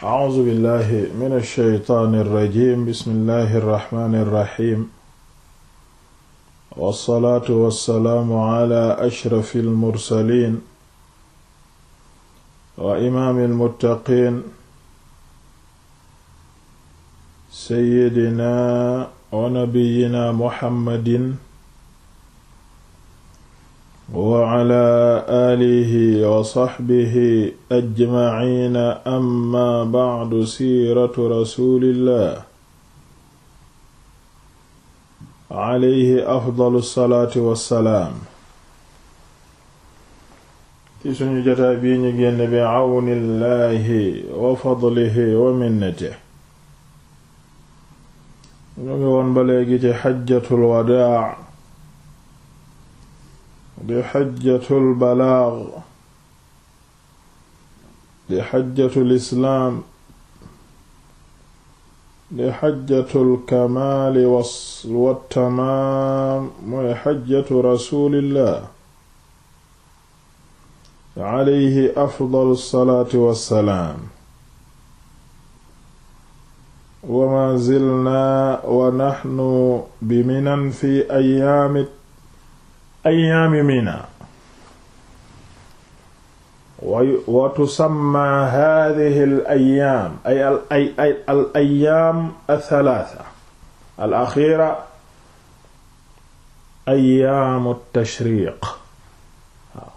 a'uuzu billahi mina shaytaani rajiim bismillahi rahmaani rahiim. wasalaatu wasalaamu ala ashrafil mursaliin. wa imaamil muttaqiin. sayyidina wa nabiyyina muhammadin. wacala aalihi wa saxbihi ajmaciina amma bacdu siiratu rasuulillah alayhi afdalu salaati wassalaam ci suñu jotaay bii ñu génn bi cawni llahi wa fadlihi wa minnatihi ñu ngi woon ba léegi ci xajjatul wadaa di xajjatul balaag di xajjatul islaam di xajjatul kamaali wattamaam mooy xajjatu rasuulillah alayhi afdal salaatu wassalaam wa ma zilnaa wa naxnu bi minan fi ayaami ayaami mina wa tusamma hadihi al ayaam ay al ayaam athalaatha al axira ayaamu tashriq waaw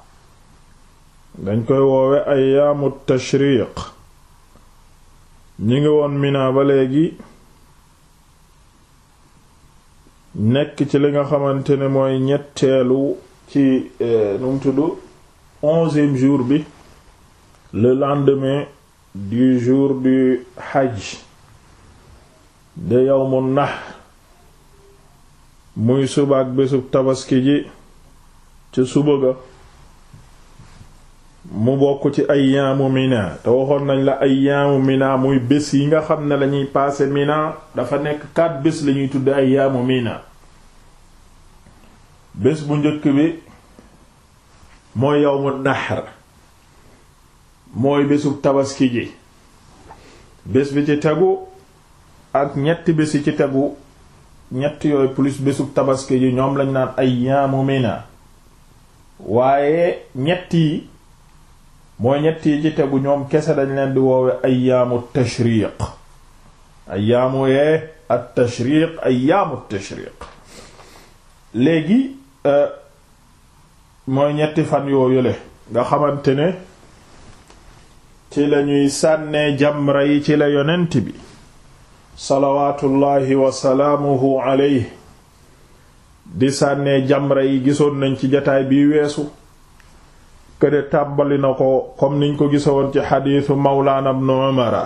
dañ koy woowe ayaamu tashriq ñi ngi woon mina ba léegi nekk ci li nga xamante ne mooy ñetteelu ci eh, nu mu tudd onzième jour bi le lendemain du jour du hajj de yawmun nahr muy subaak bésub tabaski ji ca suba ga mu bokk ci ayyaamu mina te waxoon nañ la ay ayyaamu mina muy bés yi nga xam ne lañuy paase mina dafa nekk quatre bés lañuy tudde ayyaamu mina bés bu njëkk bi mooy yawmu nahr mooy bésub tabaski ji bés bi ci tegu ak ñetti bés yi ci tegu ñett yooyu plus bésub tabaski ji ñoom lañ naan ay ayyaamu mina waaye ñetti mooy ñetti yi ci tegu ñoom kese dañ leen di woowe ayaamu tashriq ayaamu yee at tashriq ayaamu tashriq léegi euh, mooy ñetti fan yoo yële nga xamante ne ci la sànnee jamra yi ci la yonent bi salawaatullaahi wasalaamuhu alayhi di sànnee jamra yi gisoon nañ ci jataay bi weesu këre tàbbali na ko comme niñ ko gisawoon ci xadiisu mawlaana ibnu umara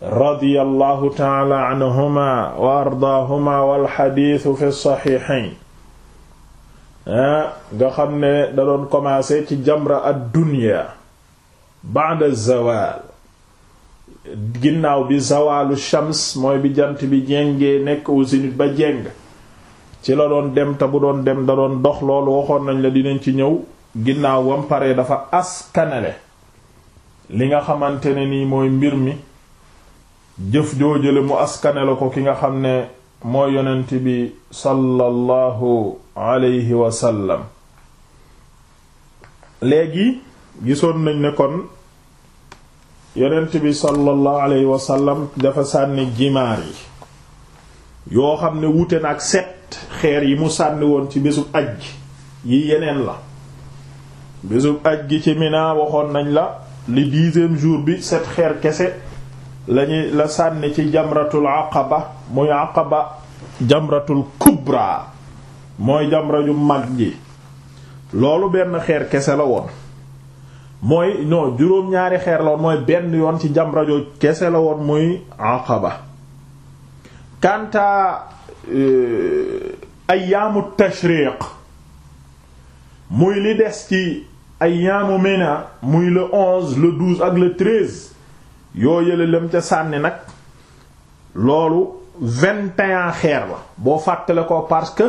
radiyallahu taala anhuma wa ardaahuma wal xadiisu fi saxiixayn nga xam ne da doon commencé ci jamra ad-dunya ba'da zawaal ginnaaw bi zawaalu shams mooy bi jant bi jéngee nekk au ba jéng ci la doon dem te bu doon dem da doon dox loolu waxoon nañ la dinañ ci ñëw ginnaaw wam pare dafa askanale li nga xamante ne nii mooy mbir mi jëf joojale mu askanale ko ki nga xam ne moo yonent bi sallallahu alayhi wa sallam léegi gisoon nañ ne yonent bi sallallahu alayhi wasalam dafa sànni jimaar yi yoo xam ne wuute na ak set xeer yi mu sànni woon ci bésu ajj yi yeneen la bésub aj gi ci Mina waxoon nañ la li dixième jour bi set xeer kese lañuy la sànni ci jamratul aqaba muy aqaba jamratul kubra mooy jamra mag ji loolu benn xeer kese la woon mooy non juróom-ñaari xeer la woon mooy benn yoon ci jamra kese la woon muy aqaba kanta euh, ayaamu tashriq muy li des ci ayyaamu mina muy le onze le douze ak le treize yoo yële lam ca sànni nag loolu vingt et un xeer la boo fàttale ko parce que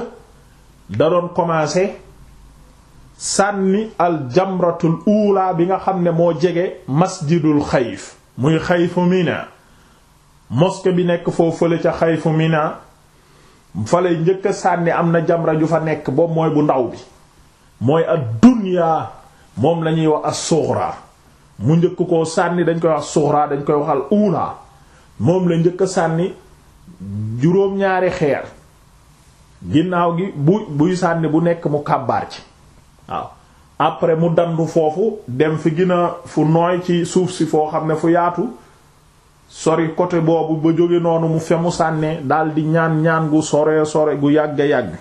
da doon commencer sànni al jamratul uulaa bi nga xam ne moo jege masjidul xayf muy xayfu mina mosquée bi nekk foofu fële ca xayfu mina fale njëkk sànni am na jamra ju fa nekk boobu mooy bu ndaw bi mooy ad dunya moom lañuy wax as-sughra mu njëkk koo sànni dañ koy wax sughra dañ koy waxal uulaa moom la njëkk a sànni juróom-ñaari xeer ginnaaw gi bu buy sànni bu nekk mu kàbbaar ci waaw après mu dandu foofu dem fi gina fu nooy ci suuf si foo xam ne fu yaatu sori côté boobu ba jóge noonu mu fe mu sànnee daal di ñaan ñaan gu sore sore gu yàgg yàgg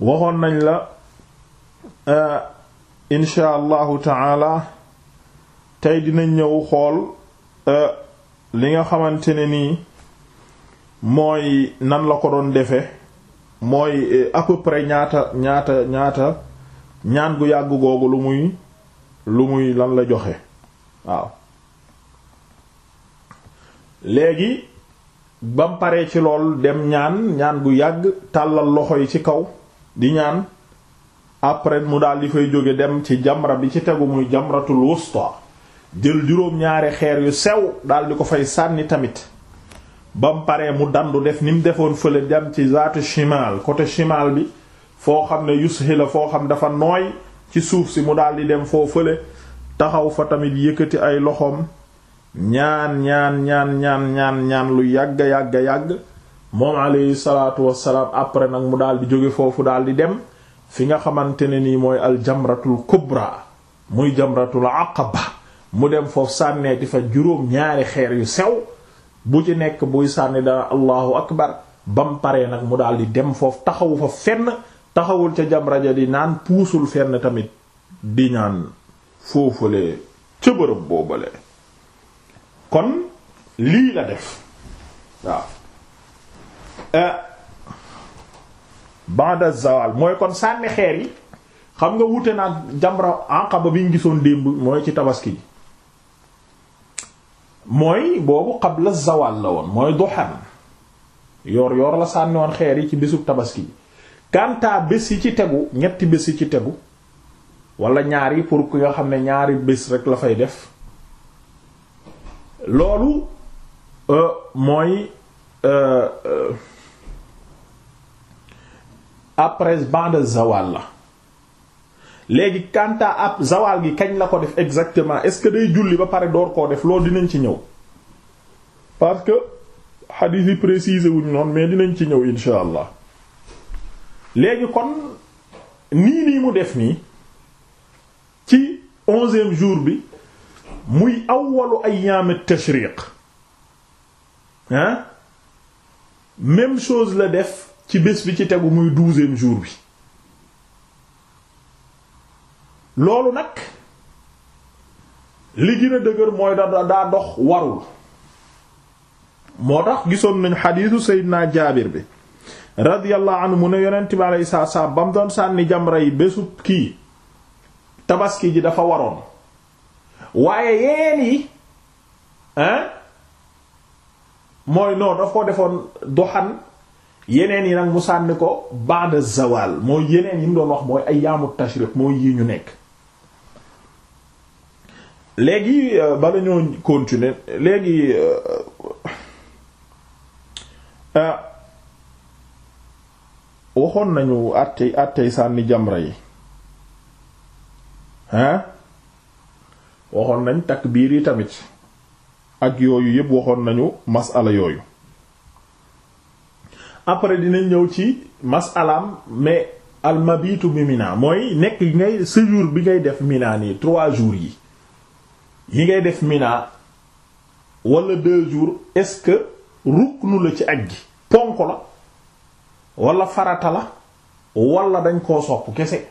waxoon nañ la euh, insha allahu taala tey dina ñëw xool euh, li nga xamante ne nii mooy nan la ko doon defe mooy euh, à peu ñaata ñaata ñaata ñaan gu yàgg googu lu muy lu muy lan la joxe waaw léegi bam pare ci lool dem ñaan ñaan gu yàgg tàllal loxo yi ci kaw di ñaan après mu daal di fay jóge dem ci jamra bi ci tegu muy jamratul wusta jël juróom-ñaari xeer yu sew daal di ko fay sànni tamit bam pare mu dandu def ni defoon fële dem ci zaatu chimal côté chimal bi foo xam ne yushi foo xam dafa nooy ci suuf si mu daal di dem foo fële taxaw fa tamit yëkkati ay loxoom ñaan ñaan ñaan ñaan ñaan ñaan lu yàgga yàgga yàgg moom aleyhi salaatu wassalaam après nag mu daal di jóge foofu daal di dem fi nga xamante ne nii mooy aljamratul kubra muy jamratul aqaba mu dem foofu sànneeti fa juróom ñaari xeer yu sew bu ci nekk buy sànni dana allahu akbar bam paree nag mu daal di dem foofu taxawu fa fenn taxawul ca jamra ja di naan puusul fenn tamit di ñaan foofule ca bërëb boobale kon lii la def waaw eh, ba'da zawal mooy kon sànni xeer yi xam nga wute naa jamra Aqaba biñ gisoon démb mooy ci tabaski yi mooy boobu qabla zawal la woon mooy duhan yor yor la sànni woon xeer yi ci bésub tabaski yi kanta bés yi ci tegu ñetti bés yi ci tegu wala ñaari yi pour ki nga xam ne ñaari bés rek la fay def loolu euh, mooy euh, euh, après banda zawal la léegi kanta ab zawal gi kañ la ko def exactement est-ce que day julli ba pare door koo def loolu dinañ ci ñëw parce que hadith yi précisé wuñ noonu mais dinañ ci ñëw insha allah léegi kon nii nii mu def nii ci onzième jour bi muy awwalu ayyaam tashriq hein même chose la def ci bés bi ci tegu muy douzième jour bi loolu nag li gën a dëgër mooy da daa dox warul moo tax gisoon nañ xadiisu Seydina Jaabir bi radiyallahu anhu mu ne yonent bi alayhi salaatu salaam ba mu doon sànni jamra yi bésu kii tabaski ji dafa waroon waaye yeen yi hein mooy non daf ko defoon doxan yeneen yi nag mu sànni ko ba'da zawal mooy yeneen yi mu doon wax mooy ayyamu tashriq moo yi ñu nekk léegi euh, bala ñoo continuer léegi euh, euh, waxoon nañu àttey àttey sànni jamra yi hein waxoon nañ takbiir yi tamit ak yooyu yépp waxoon nañu masala yooyu après dinañ ñëw ci masalaam mais almabitu bi Mina mooy nekk ngay séjour bi ngay def Mina nii trois jours yi yi ngay def Mina wala deux jours est-ce que la ci ak gi ponk la wala farata la wala dañ koo sopp kese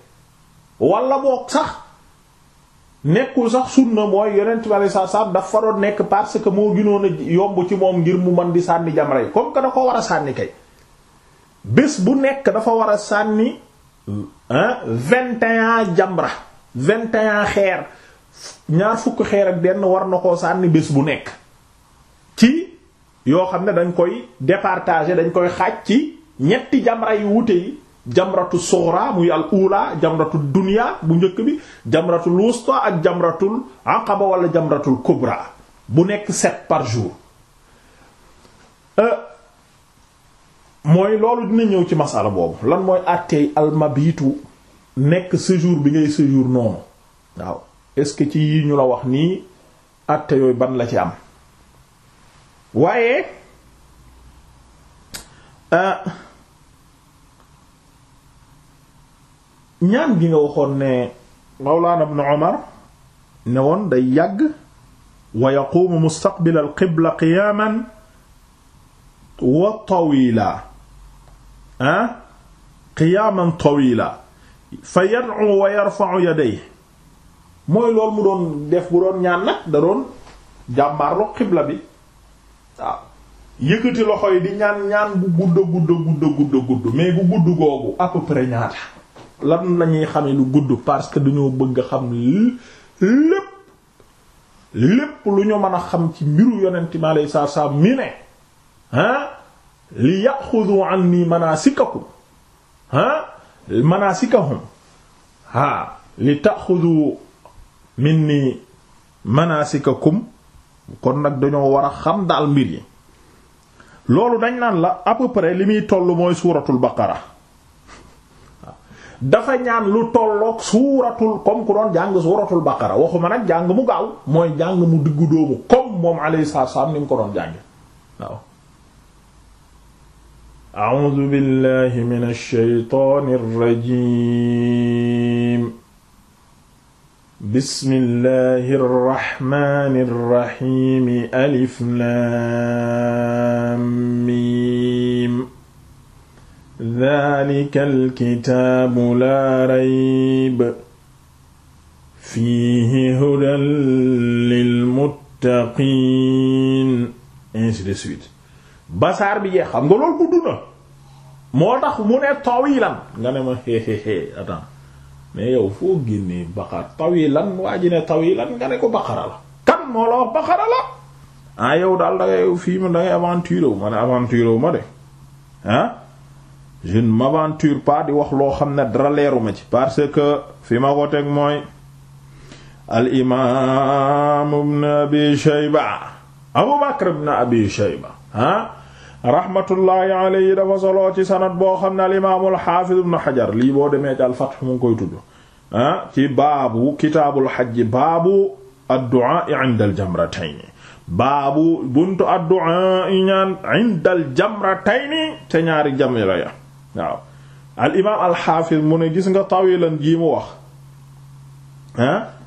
wala boog sax nekkul sax sunna mooy yonent bi saa saa daf faroon nekk parce que moo gënoon yomb ci moom ngir mu mën di sànni jamra yi comme que da ko war a sànni kay bés bu nekk dafa war a sànni ah vingt et un vingt et xeer ñaar fukk xeer ak benn war na koo sànni bés bu nekk ci yoo xam ne dañ koy départager dañ koy xaaj ci ñetti jamra yu wute yi jamratu sughra muy al ula jamratu dunya bu njëkk bi jamratul wusta ak jamratul aqaba wala jamratul kubra bu nekk sept par jour euh, mooy loolu dina ñëw ci masala boobu lan mooy àtteey almabitu nekk séjour bi ngay séjour noonu waaw est ci yi ñu la wax nii àtte yooyu ban la ci am waaye euh, ñaan gi nga waxoon ne Mawlana ibn ne woon day yàgg wa yaquumu mustaqbil al qibla qiyaaman wa tawila ah qiyaaman tawila fa yad'u wa yarfa'u yadayhi mooy loolu mu doon def bu doon ñaan nag da doon jàmbaarloo xibla bi waaw yëkkati loxo yi di ñaan ñaan bu gudd gudd gudd gudd gudd mais bu gudd googu à peu lan lañuy xame lu gudd parce que dañoo bëgg a xam lépp lépp lu ñu mën a xam ci mbiru yonent mi alayhi mi ne ah li yaxudu anni manasikakum ha manasikahum ha li taxudu ni manasikakum kon nag dañoo war a xam daal mbir yi loolu dañ naan la à peu li muy toll mooy suuratul baqara dafa ñaan lu tolloog suuratul comme ku doon jàng suuratul baqara waxuma nag jàng mu gaaw mooy jàng mu diggu dóomu comme moom alayhi salaam ni mu ko doon jànge waaw a'uudu billahi mina shaytaani rajiim bismillahi rahmaani rahiim alif laam miim zaalika alkitaabu laa rayba fiihi hudan lilmuttaqiin ainsi de suite basaar bi jeex xam nga loolu gudd na moo tax mu ne tawilan nga ne ma xeexeexee attends mais yow foo génnee baqara tawilan waa ji ne tawilan nga ne ko baqara la. kan moo la wax baqara la ah yow daal da fii mu da ngay wu ma ne aventure wu ma de ah je ne m'aventure pas di wax loo xam ne dara leeru ma ci. parce que fi ma ko teg mooy al imaam ibn abi shayba Abu Bakr ibn abi shayba ah. rahmatullahi alayhi dafa soloo ci sanad boo xam ne al imaam al xaafiz xajar lii boo demee ci al mu ngi koy tudd ah ci baabu kitaabul xajji baabu addu'a inda al jamratayn ñaari jamra ya mu ne gis nga tawilan jii mu wax ah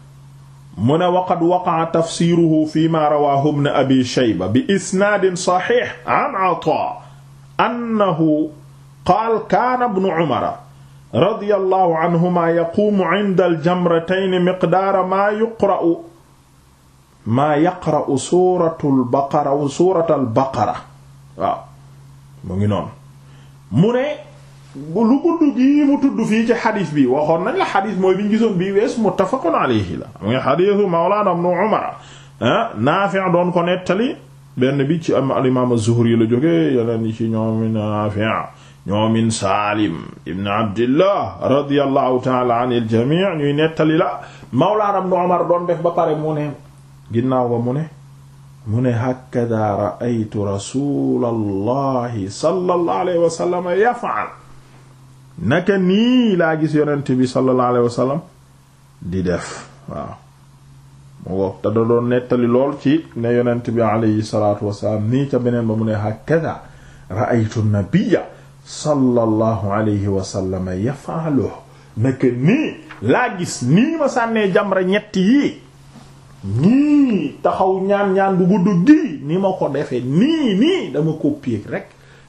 mu ne waqad waqaa tafsiruhu fi ma rawaahu ibn abi shayba bi isnaadin saxiix an ataa annahu qaal kaana ibnu umara radiyallahu anhuma yaquumu inda aljamratayni miqdaara maa yuqra'u maa yaqra'u suuratul baqara suuratul baqara waaw mu ngi noonu mu ne lu gudd gi mu tudd fii ci xadis bi waxoon nañ la xadis mooy bi ñu gisoon bii wees muttafaqun la mu ngi xadisu mawlana ibn umar ah Naafi' doon ko nettali benn bi ci am al-imaam la jóge yeneen yi ci ñoomin Naafi' ñoomin Saalim ibn Abdillah radiyallahu ta'ala anil jamii' ñuy nettali la mawlana ibn umar doon def ba pare mu ne ginnaaw ba mu ne mu ne hakadha ra'aytu rasulallahi sallallahu naka nii laa gis yonent bi sallallahu alayhi wasallam di def waaw mu ngoog te da doon nettali lool ci ne yonent bi alayhi salaatu wasalaam nii ca beneen ba mu ne hakada ra'aytu nabiyya sallallahu alayhi wasallam yafaalu naka nii laa gis nii ma sànnee jamra ñett yi nii taxaw ñaan-ñaan bu gudd gii ni ma ko defee nii nii dama copier rek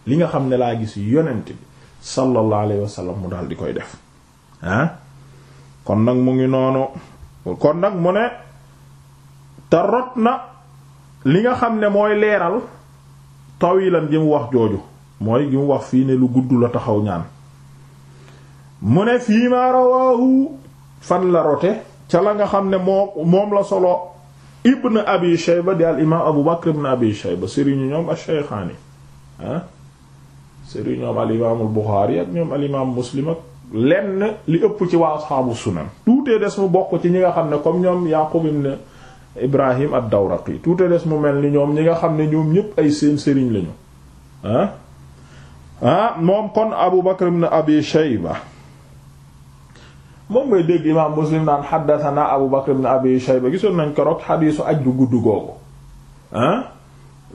li nga xam ne laa gis yonent bi sallallahu alayhi wa mu daal di koy def kon nag mu ngi noonu kon nag mu ne te rot na li nga xam ne mooy leeral tawilan gi mu wax jooju mooy gi mu wax fii ne lu gudd la taxaw ñaan mu ne fii ma rawaahu fan la rote ca la nga xam ne moo moom la solo ibn abi shayba di al imaam abu bakr ibn abi shayba sëriñu ñoom ash-shaykhaani ah sëriñ ñoom al imaamul Buxaari ak ñoom al imaam Muslim ak lenn li ëpp ci waa ashaabu sunan tuutee des mu bokk ci ñi nga xam ne comme ñoom Yaqub ibn Ibrahim ad-Dawraqi tuutee des mu mel ni ñoom ñi nga xam ne ñoom ñépp ay seen sëriñ lañu ah ah moom kon Abu Bakr ibn Abi Shayba moom ngay dégg imaam Muslim naan xaddathana Abu Bakr ibn Abi Shayba gisoon nañ ko rok xadiisu aj bu gudd googu ah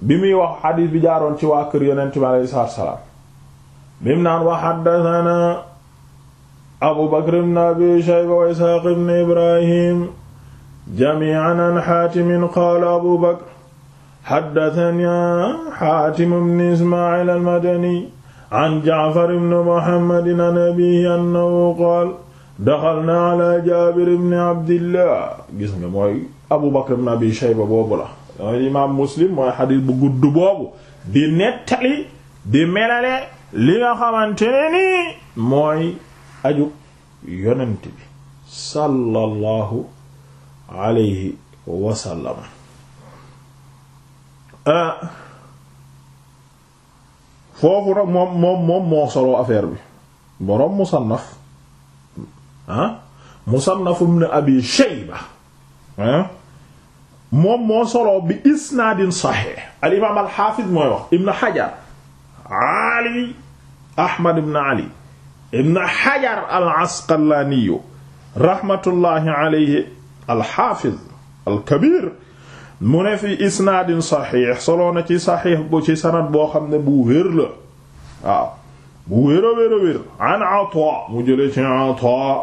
bi muy wax xadiis bi jaaroon ci waa kër yonent bi alayhi bim naan wa haddathana abu bakr ibn abi shayba wa ishaaq ibn ibrahim jami'an an xaatimin qaala abu bakr haddathana xaatim ibn ismaa'il al-madani an ja'far ibn muhammadin an abiihi annahu qaala daxalnaa alaa jaabir ibn abdillah gis nga mooy abu bakr ibn abi shayba boobu la mooy imaam muslim mooy xadiis bu gudd boobu di nettali di melale li nga xamante ne mooy aju yonent bi sallallahu alayhi a ah, foofu nag moom moom moom moo bi boroom musannaf ah musannaf ibn abi shayba ah moom moo bi isnaadin saxiix al imaam al xaafis mooy wax ibn xajar ali ahmad ibn ali ibn hajar al asqalaaniyu rahmatullahi alayhi alxaafiz alkabir mu ne fi isnaadin saxiix soloo na ci saxiix bu ci sanad boo xam ne bu wér la waaw bu wér a wér a wér an ata mu jële ci ata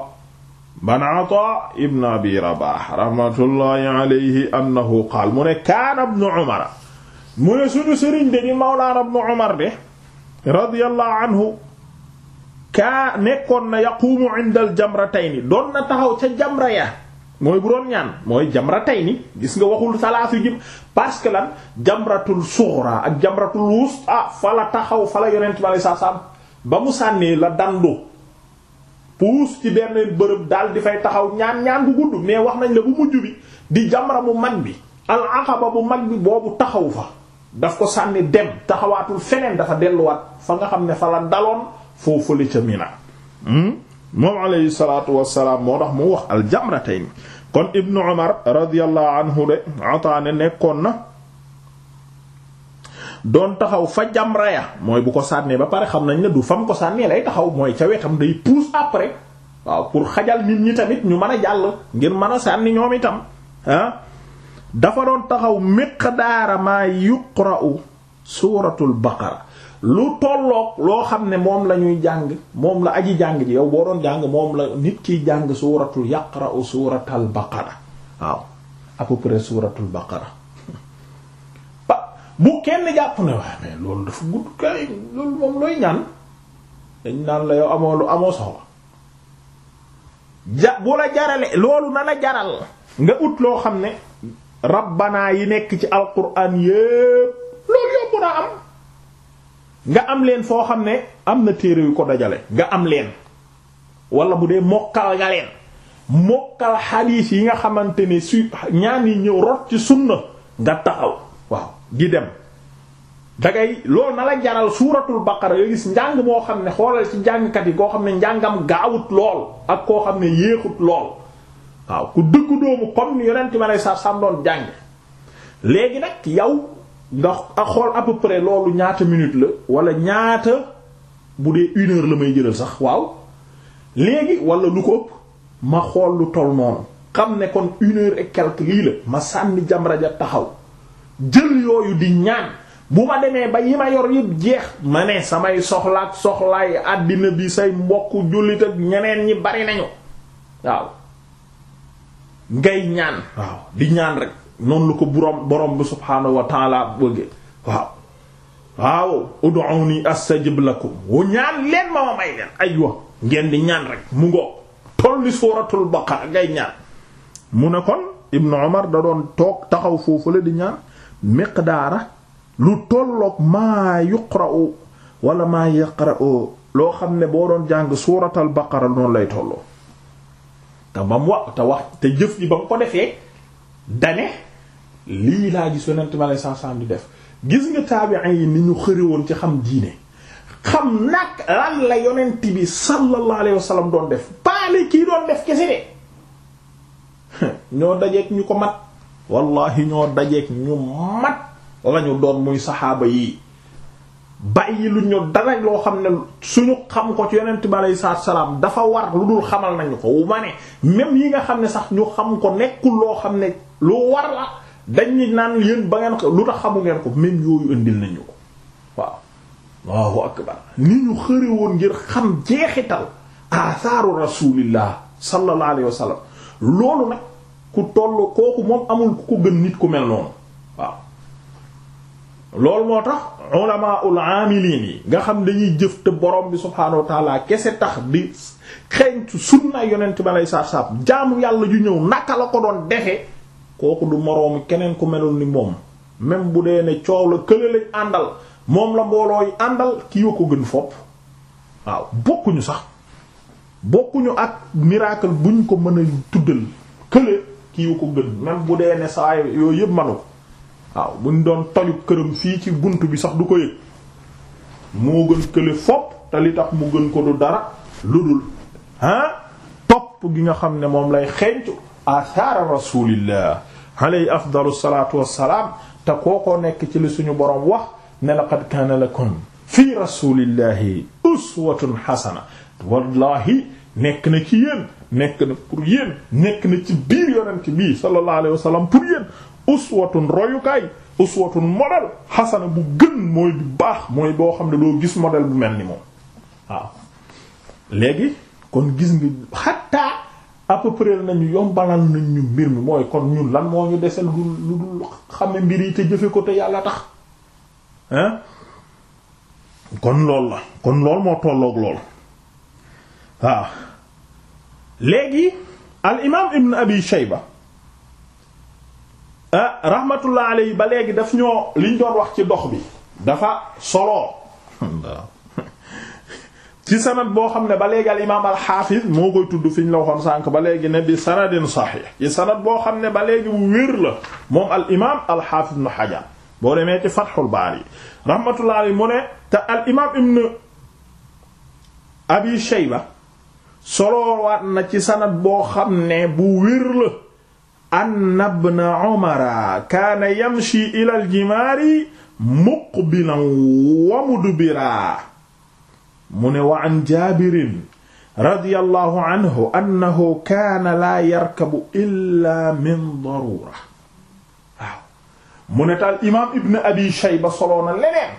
ban ata ibn abi rabah rahmatullahi alayhi annahu qaal mu ne kaana ibnu umara mu ne suñu sëriñ de di mawlaana ibnu umar de radiyallahu anhu kaa nekkoon na yaquumu inda al doon na taxaw ca jamra ya mooy bu doon ñaan mooy jamratayni gis nga waxul salaasu jib parce que lan jamratul sughra ak jamratul wusta ah, fala taxaw fala yonent bi alei sat ba mu sànnee la dandu puus ci benn bërëb daal di fay taxaw ñaan ñaan bu gudd mais wax nañ la bu mujj bi di jamra bu mag bi al aqaba bu mag bi boobu taxaw fa daf ko sànni dem taxawaatul feneen dafa delluwaat fa nga xam ne fa la daloon foofu la ca Mina hmm? moom alayhi salaatu wassalaam moo tax mu wax aljamratayn kon ibnu Umar radiyallahu anhu de ataane nekkoon na doon taxaw fa jamra ya mooy bu ko sànnee ba pare xam nañ ne du fa mu ko sànnee lay taxaw mooy ca wetam day pousse après pour xajal nit ñi tamit ñu mën a jàll ngir mën a sànni ñoom itam ah. dafa doon taxaw miqdaara maa yuqra'u suuratul baqara lu tolloog loo xam ne moom la ñuy jàng moom la aji jàng ji yow boo doon jàng moom la nit kiy jàng suuratul yaqra'u suuratul baqara suuratul baqara ba bu kenn jàpp na waaye loolu dafa gudd kay loolu moom looy ñaan dañ naan la yow amoo lu amoo soxla ja bu la jarale loolu na la jaral nga ut loo xam ne rabbanaa yi nekk ci alquran yépp loolu yomb am nga am leen foo xam ne am na téere yu ko dajale nga am leen wala bu dee mokkal nga leen mokkal xaliis yi nga xamante ni su ñaan yi ñëw rot ci sunna nga taxaw waaw di dem dangay loolu na la jaral suuratul baqara yoo gis njàng moo xam ne xoolal ci njàngkat yi koo xam ne njàngam gaawut lool ak koo xam ne yéexut lool waaw ku dëggu doomu comme ni yonent ma lay sa sam jàng léegi nag yow nga xool à peu loolu ñaata minute la wala ñaata bu dee une la may jëlal sax waaw léegi wala lu ko ëpp ma xool lu toll noonu xam ne kon une heure et lii la ma sànni jamra ja taxaw jël yooyu di ñaan bu ma demee ba yi ma yor yëpp jeex ma ne samay soxlaak soxlaay àddina bi say mbokk jullit ak ñeneen ñi bari nañu waaw ngay ñaan waaw di ñaan rek noonu lu ko borom borom bi subhaanahu wa taala bëggee waaw waaw ud'uuni astajib lakum wu ñaan leen ma ma may leen aywa ngeen di ñaan rek mu ngoo toll suuratul baqara ngay ñaan mu ne kon ibnu omar da doon toog taxaw foofu la di ñaan miqdaara lu tolloog maa yuqra'u wala maa yaqra'u loo xam ne boo doon jàng suuratul baqara noonu lay tolloo te ba mu wax te wax te jëf ji ba mu ko defee dane lii laa gis yonent ma lay sànsaan di def gis nga taabi'in yi ni ñu xëri woon ci xam diine xam nag lan la yonent bi sallallahu alayhi wasallam doon def paale kii doon def kese de ñoo dajeek ñu ko mat wallahi ñoo dajeek ñu mat lañu doon muy saxaaba yi bàyyi lu ñu dara loo xam ne suñu xam ko ci yonent bi aleyhi salaatu salaam dafa war lu dul xamal nañu ko wu ma ne yi nga xam ne sax ñu xam ko nekkul loo xam ne lu war la dañ naan yéen ba ngeen lu tax xamu ngeen ko même yooyu indil nañu ko waaw. Allahu akbar ni ñu xëre woon ngir xam jeexital asaaru rasulillah sallallahu alayhi wa sallam loolu nag ku toll kooku moom amul ku ko gën nit ku mel noonu. loolu moo tax ulama ul yi nga xam dañuy jëf te borom bi subhaanahu wa taala kese tax di xeeñtu sunna yonent ba lay saab-saab jaamu yàlla ju ñëw naka la ko doon dexe kooku du moroomi keneen ku melul ni moom même bu dee ne coow la kële lañ àndal moom la mbooloo yi àndal kii ko gën fopp waaw bokkuñu sax bokkuñu ak miracle buñ ko mën a tuddal kële kii ko gën même bu dee ne saa yooyu yëpp manu waaw buñ doon toju këram fii ci bunt bi sax du ko yëg moo gën kële fopp te li tax mu gën ko du dara lu dul ah topp gi nga xam ne moom lay xencu athara rasulillah alayhi afdalu salatu wassalaam te kookoo nekk ci li suñu boroom wax ne laqad kaana lakum fi rasulillahi uswatun hasana wallahi nekk na ci yéen nekk na pour yéen nekk na ci biir yonent bii sallallahu alayhi wasallam pour yéen uswatun royukaay uswatun modèle xasana bu gën mooy bu baax mooy boo xam ne doo gis modèle bu mel ni moom waaw léegi kon gis ngi xattaa à peu près nañu yombalal nañ ñu mbir mi mooy kon ñu lan moo ñu desel lu lu dul xame mbir yi te jëfe ko te yàlla tax kon lool la kon lool moo tolloog lool waaw léegi al imaam ibn abi shayba ah rahmatullah alayhi ba léegi daf ñoo liñ doon wax ci dox bi dafa solo ci sanad boo xam ne ba léegi al imaam al moo koy tudd fi ñu la waxoon ba léegi ne bi sanadin saxiix ci sanad boo xam ne ba léegi bu wér la moom al imaam al xaafiz boo demee ci Fathul Baari rahmatullah alayhi mu ne te al imaam ibn Abi Shayba soloowaat na ci sanad boo xam ne bu wér anna ibna umara kaana yamshi ila aljimaari muqbilan wa mudbiraa mu ne wa an jaabirin radiyallahu anhu annahu kaana laa yarkabu illa min daruura waaw mu ne taal imaam ibn abi shayba soloona leneen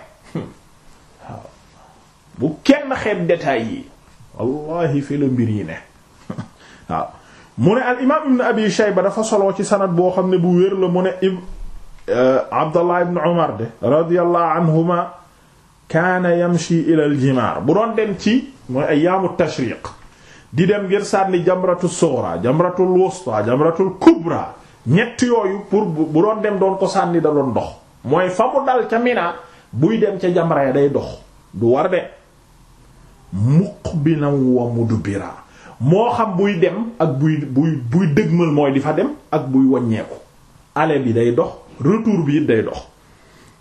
waaw bu kenn xeeb détails yi wallahi fi la mbir yi ne waaw mu ne al imaam ibn abi shayba dafa soloo ci sanad boo xam ne bu wér la mu ne ib euh, abdallah ibn umar de radiyallahu anhuma kaana yamshi ila al bu doon dem ci mooy ayyaamu tashriq di dem ngir sànni jamratu sughra jamratul wusta jamratul kubra ñett yooyu pour bu doon dem doon ko sànni da doon dox mooy fa mu dal ca Mina buy dem ca jamra ya day dox du war de muqbilan wa mudbira moo xam buy dem ak buy buy buy dëgmal mooy di fa dem ak buy waññeeku ale bi day dox retour bi it day dox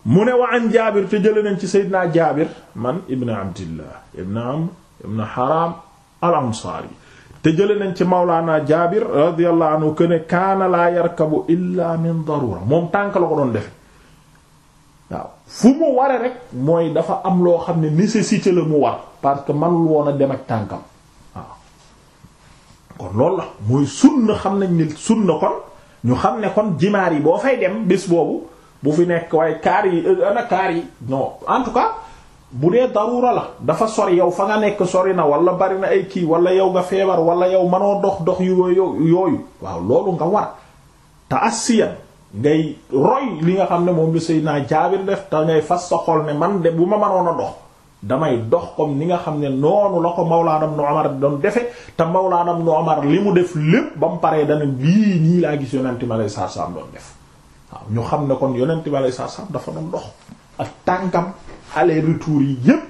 mu ne wa jaabir te jële nañ ci seydinaa jaabir man ibn abdillah ibn amr ibn haram al te jële nañ ci mawlaana jaabir radiyallahu anhu que ne kaana laa yarkabu illa min ko doon defe waaw fu dafa am loo xam ne nécessité la mu war parce que man woon a dem ak tànkam kon loolu la mooy sunna xam nañ ne na kon ñu xam ne kon jimaar yi boo fay dem bis boobu bu fi nekk waaye kaar yi euh, ana kaar yi non en tout cas bu dee darura la dafa sori yow fa nga nekk sori na wala bari na ay kii wala yow nga feebar wala yow mënoo dox dox yu yooyu waaw loolu nga war te asiyan ngay roy li nga xam ne moom li naa Jaabir def te ngay fas sa xol ne man de bu ma mënoon a dox damay dox comme ni nga xam ne noonu la ko mawlaanam nu Umar doon defe te mawlaanam nu Umar li mu def lépp ba mu paree dana lii nii laa gis yonent mi alayhi salaatu salaam doon def waaw ñu xam ne kon yonent mi alayhi salaatu dafa doon dox ak tànkam aller retour yi yépp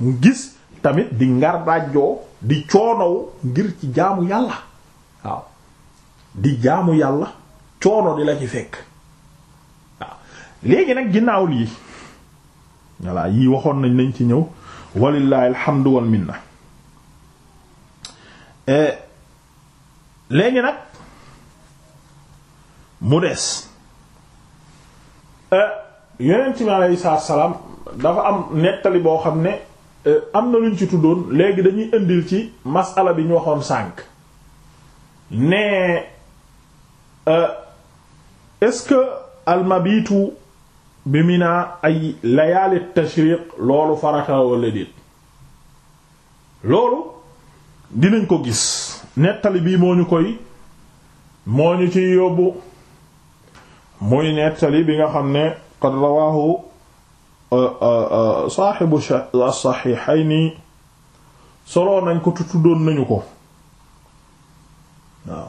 mu gis tamit di ngar dajjoo di coono ngir ci jaamu yàlla waaw di jaamu yàlla coono di la ci fekk waaw léegi nag ginnaaw lii voilà yii waxoon nañ nañ ci ñëw walillahi alhamdu wal minna e, léegi nag mu des e, yonent bi aleyhi salaam dafa am nettali boo xam ne e, am na luñ ci tuddoon léegi dañuy indil ci masala bi ñu waxoon sànq ne est-ce que almabitu bi Mina ay layaali tashriq loolu farata wala déet loolu dinañ ko gis nettali bii moo ñu koy moo ñu ciy yóbbu muy nettali bi nga xam ne qad rawaahu uh, uh, uh, saaxibu saxiixayni soloo nañ ko tu tuddoon nañu ko waaw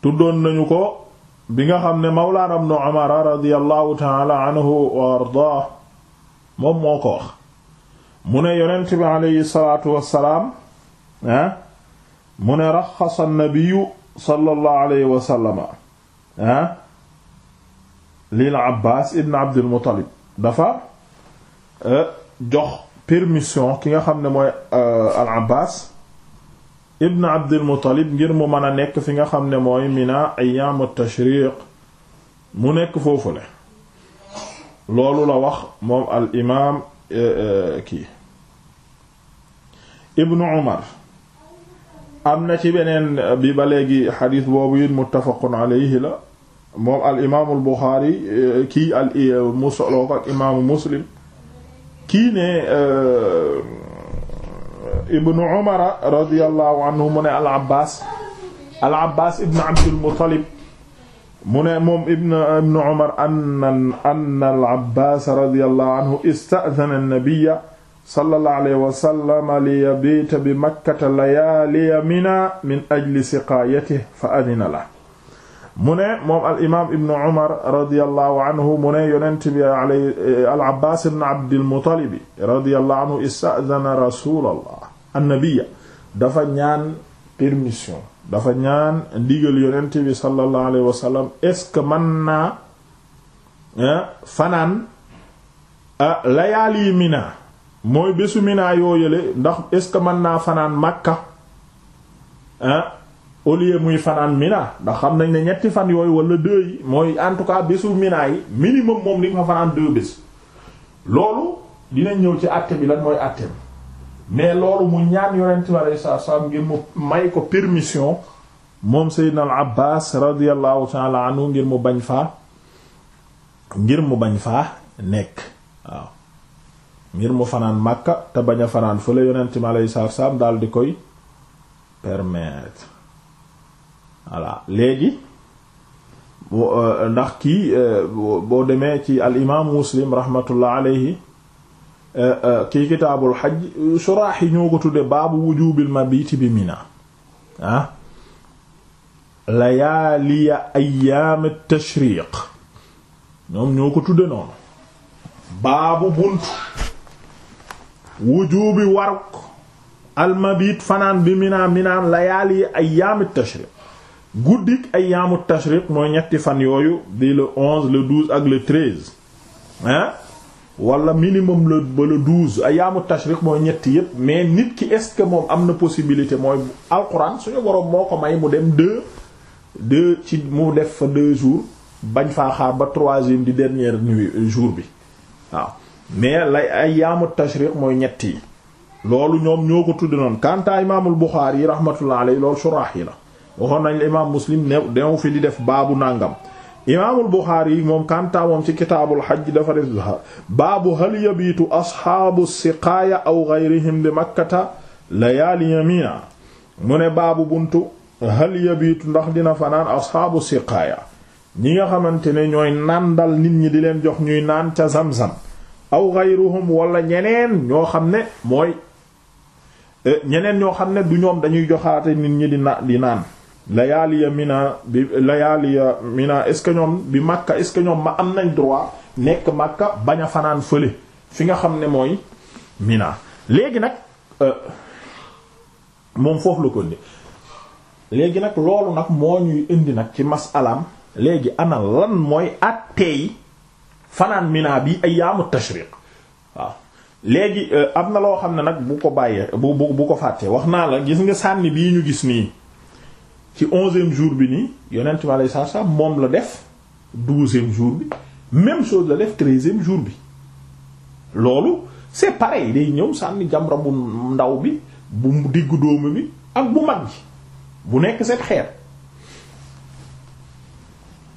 tuddoon nañu ko bi nga xam ne mawlaana ibnu umara radiyallahu taala anhu wa ardaa moom moo ko wax mu ne yonent bi aleyhi salaatu wassalaam ah mu ne raxasa nabiyu sallallahu alayhi wa sallama ah lil abbas ibn abdul muttalib dafa eh, jox permission ki nga xam ne mooy eh, al abbas ibn abdul muttalib ngir mu mën a nekk fi nga xam ne mooy mina ayaamu tashriq mu nekk foofule loolu la wax moom al imaam eh, eh, kii ibnu umar am na ci beneen eh, bi ba léegi xadiis boobu it la moom al imaamul buxaari kii al mu muslim kii ne ibnu umara radiallahu anhu mu ne al abbas al abbas ibnu abdul muttalib mu ne moom ibnu umar anna anna al abbas radiallahu anhu ista'dhana an-nabiyya sallallahu alayhi wa sallam li yabiita bi makkata layaaliya mina min ajli siqaayatihi fa adina la mu ne moom al imaam ibn Umar radiyallahu anhu mu ne yonent bi al Abbaas ibn Abdil Muttalib radiyallahu anhu ista'dana rasuulallah annabiya dafa ñaan permission dafa ñaan ndigal yonent bi sallallahu alayhi wa sallam est-ce que mën naa fanaan ah, layaali Mina mooy bésu Mina yoo yële ndax est-ce que mën naa fanaan Makka au lieu muy fanaan Mina ndax xam nañ ne ñetti fan yooyu wala deux yi mooy en tout cas bésu Mina yi minimum moom li nga fanaan deux bés loolu dinañ ñëw ci àtte bi lan mooy àtte mais loolu mu ñaan yonent bi alayhi salaatu ngir mu may ko permission moom Seydina al Abbaas radiyallahu ta'ala ngir mu bañ faa ngir mu bañ faa nekk waaw ngir mu fanaan Makka te bañ a fanaan fële yonent bi alayhi salaatu salaam daal di koy permettre voilà léegi euh, ndax kii euh, boo demee ci al imaam Muslim rahmatullah alayhi Eh, eh, kii kitaabul xaj suraax yi ñoo ko tudde baabu wujubil mabiti bi mina ah ya ayaam tashriq ñoom ñoo ko tudde noonu baabu bunt wujubi waruk almabit fanaan bi mina minaam layaali ayaam tashriq guddik ayaamu tashriq mooy ñetti fan yooyu di le onze le ak le treize hein ah? wala minimum la ba le douze ayaamu tashriq mooy ñetti yépp mais nit ki est-ce que moom am na possibilité mooy alxuraan suñu boroom moo ko may mu dem deux deux ci mu def fa deux jour bañ faa xaar ba troisième di dernière nuit jour bi waaw mais lay ay ayaamu tashriq mooy ñetti yi loolu ñoom ñoo ko tudde noonu kanta imaamul Buxaari yi rahmatullah alayhi loolu suraax yi la waxoon nañ la imaam Muslim new dew fi di def baabu nàngam imaamul Buxaari moom kantaa moom ci kitaabul xaj dafa def baabu hal yabiitu asxaabu siqaaya aw gayrihim bi makkata layaali yamina mu ne baabu buntu hal yabiitu ndax dina fanaan asxaabu siqaaya ñi nga xamante ne ñooy nàndal nit ñi di leen jox ñuy naan ca zam-zam aw gayruhum wala ñeneen ñoo xam ne mooy eh, ñeneen ñoo xam ne du ñoom dañuy joxaate nit ñi di di naan layaaliya mina bi layaaliya mina est-ce que ñoom bi Makka est-ce que ma am nañ droit nekk Makka baña fanaan fële fi nga xam ne mooy mina léegi nag euh, moom foofu la ko indi léegi nag loolu nag moo ñuy indi nag ci masalaam léegi ana lan mooy àtteey fanaan mina bi ayyaamu tashriq waaw léegi euh, am na loo xam ne nag bu ko bàyyee bu bu bu ko fàttee wax naa la gis nga sànni bii ñu gis nii ci onzième jour bi nii yonent bi alayhi salaam moom la def douzième jour bi même chose la def treizième jour bi loolu c'est pareil day ñëw sànni jamro bu ndaw bi bu diggu dóomu bi ak bu mag ji bu nekk set xeer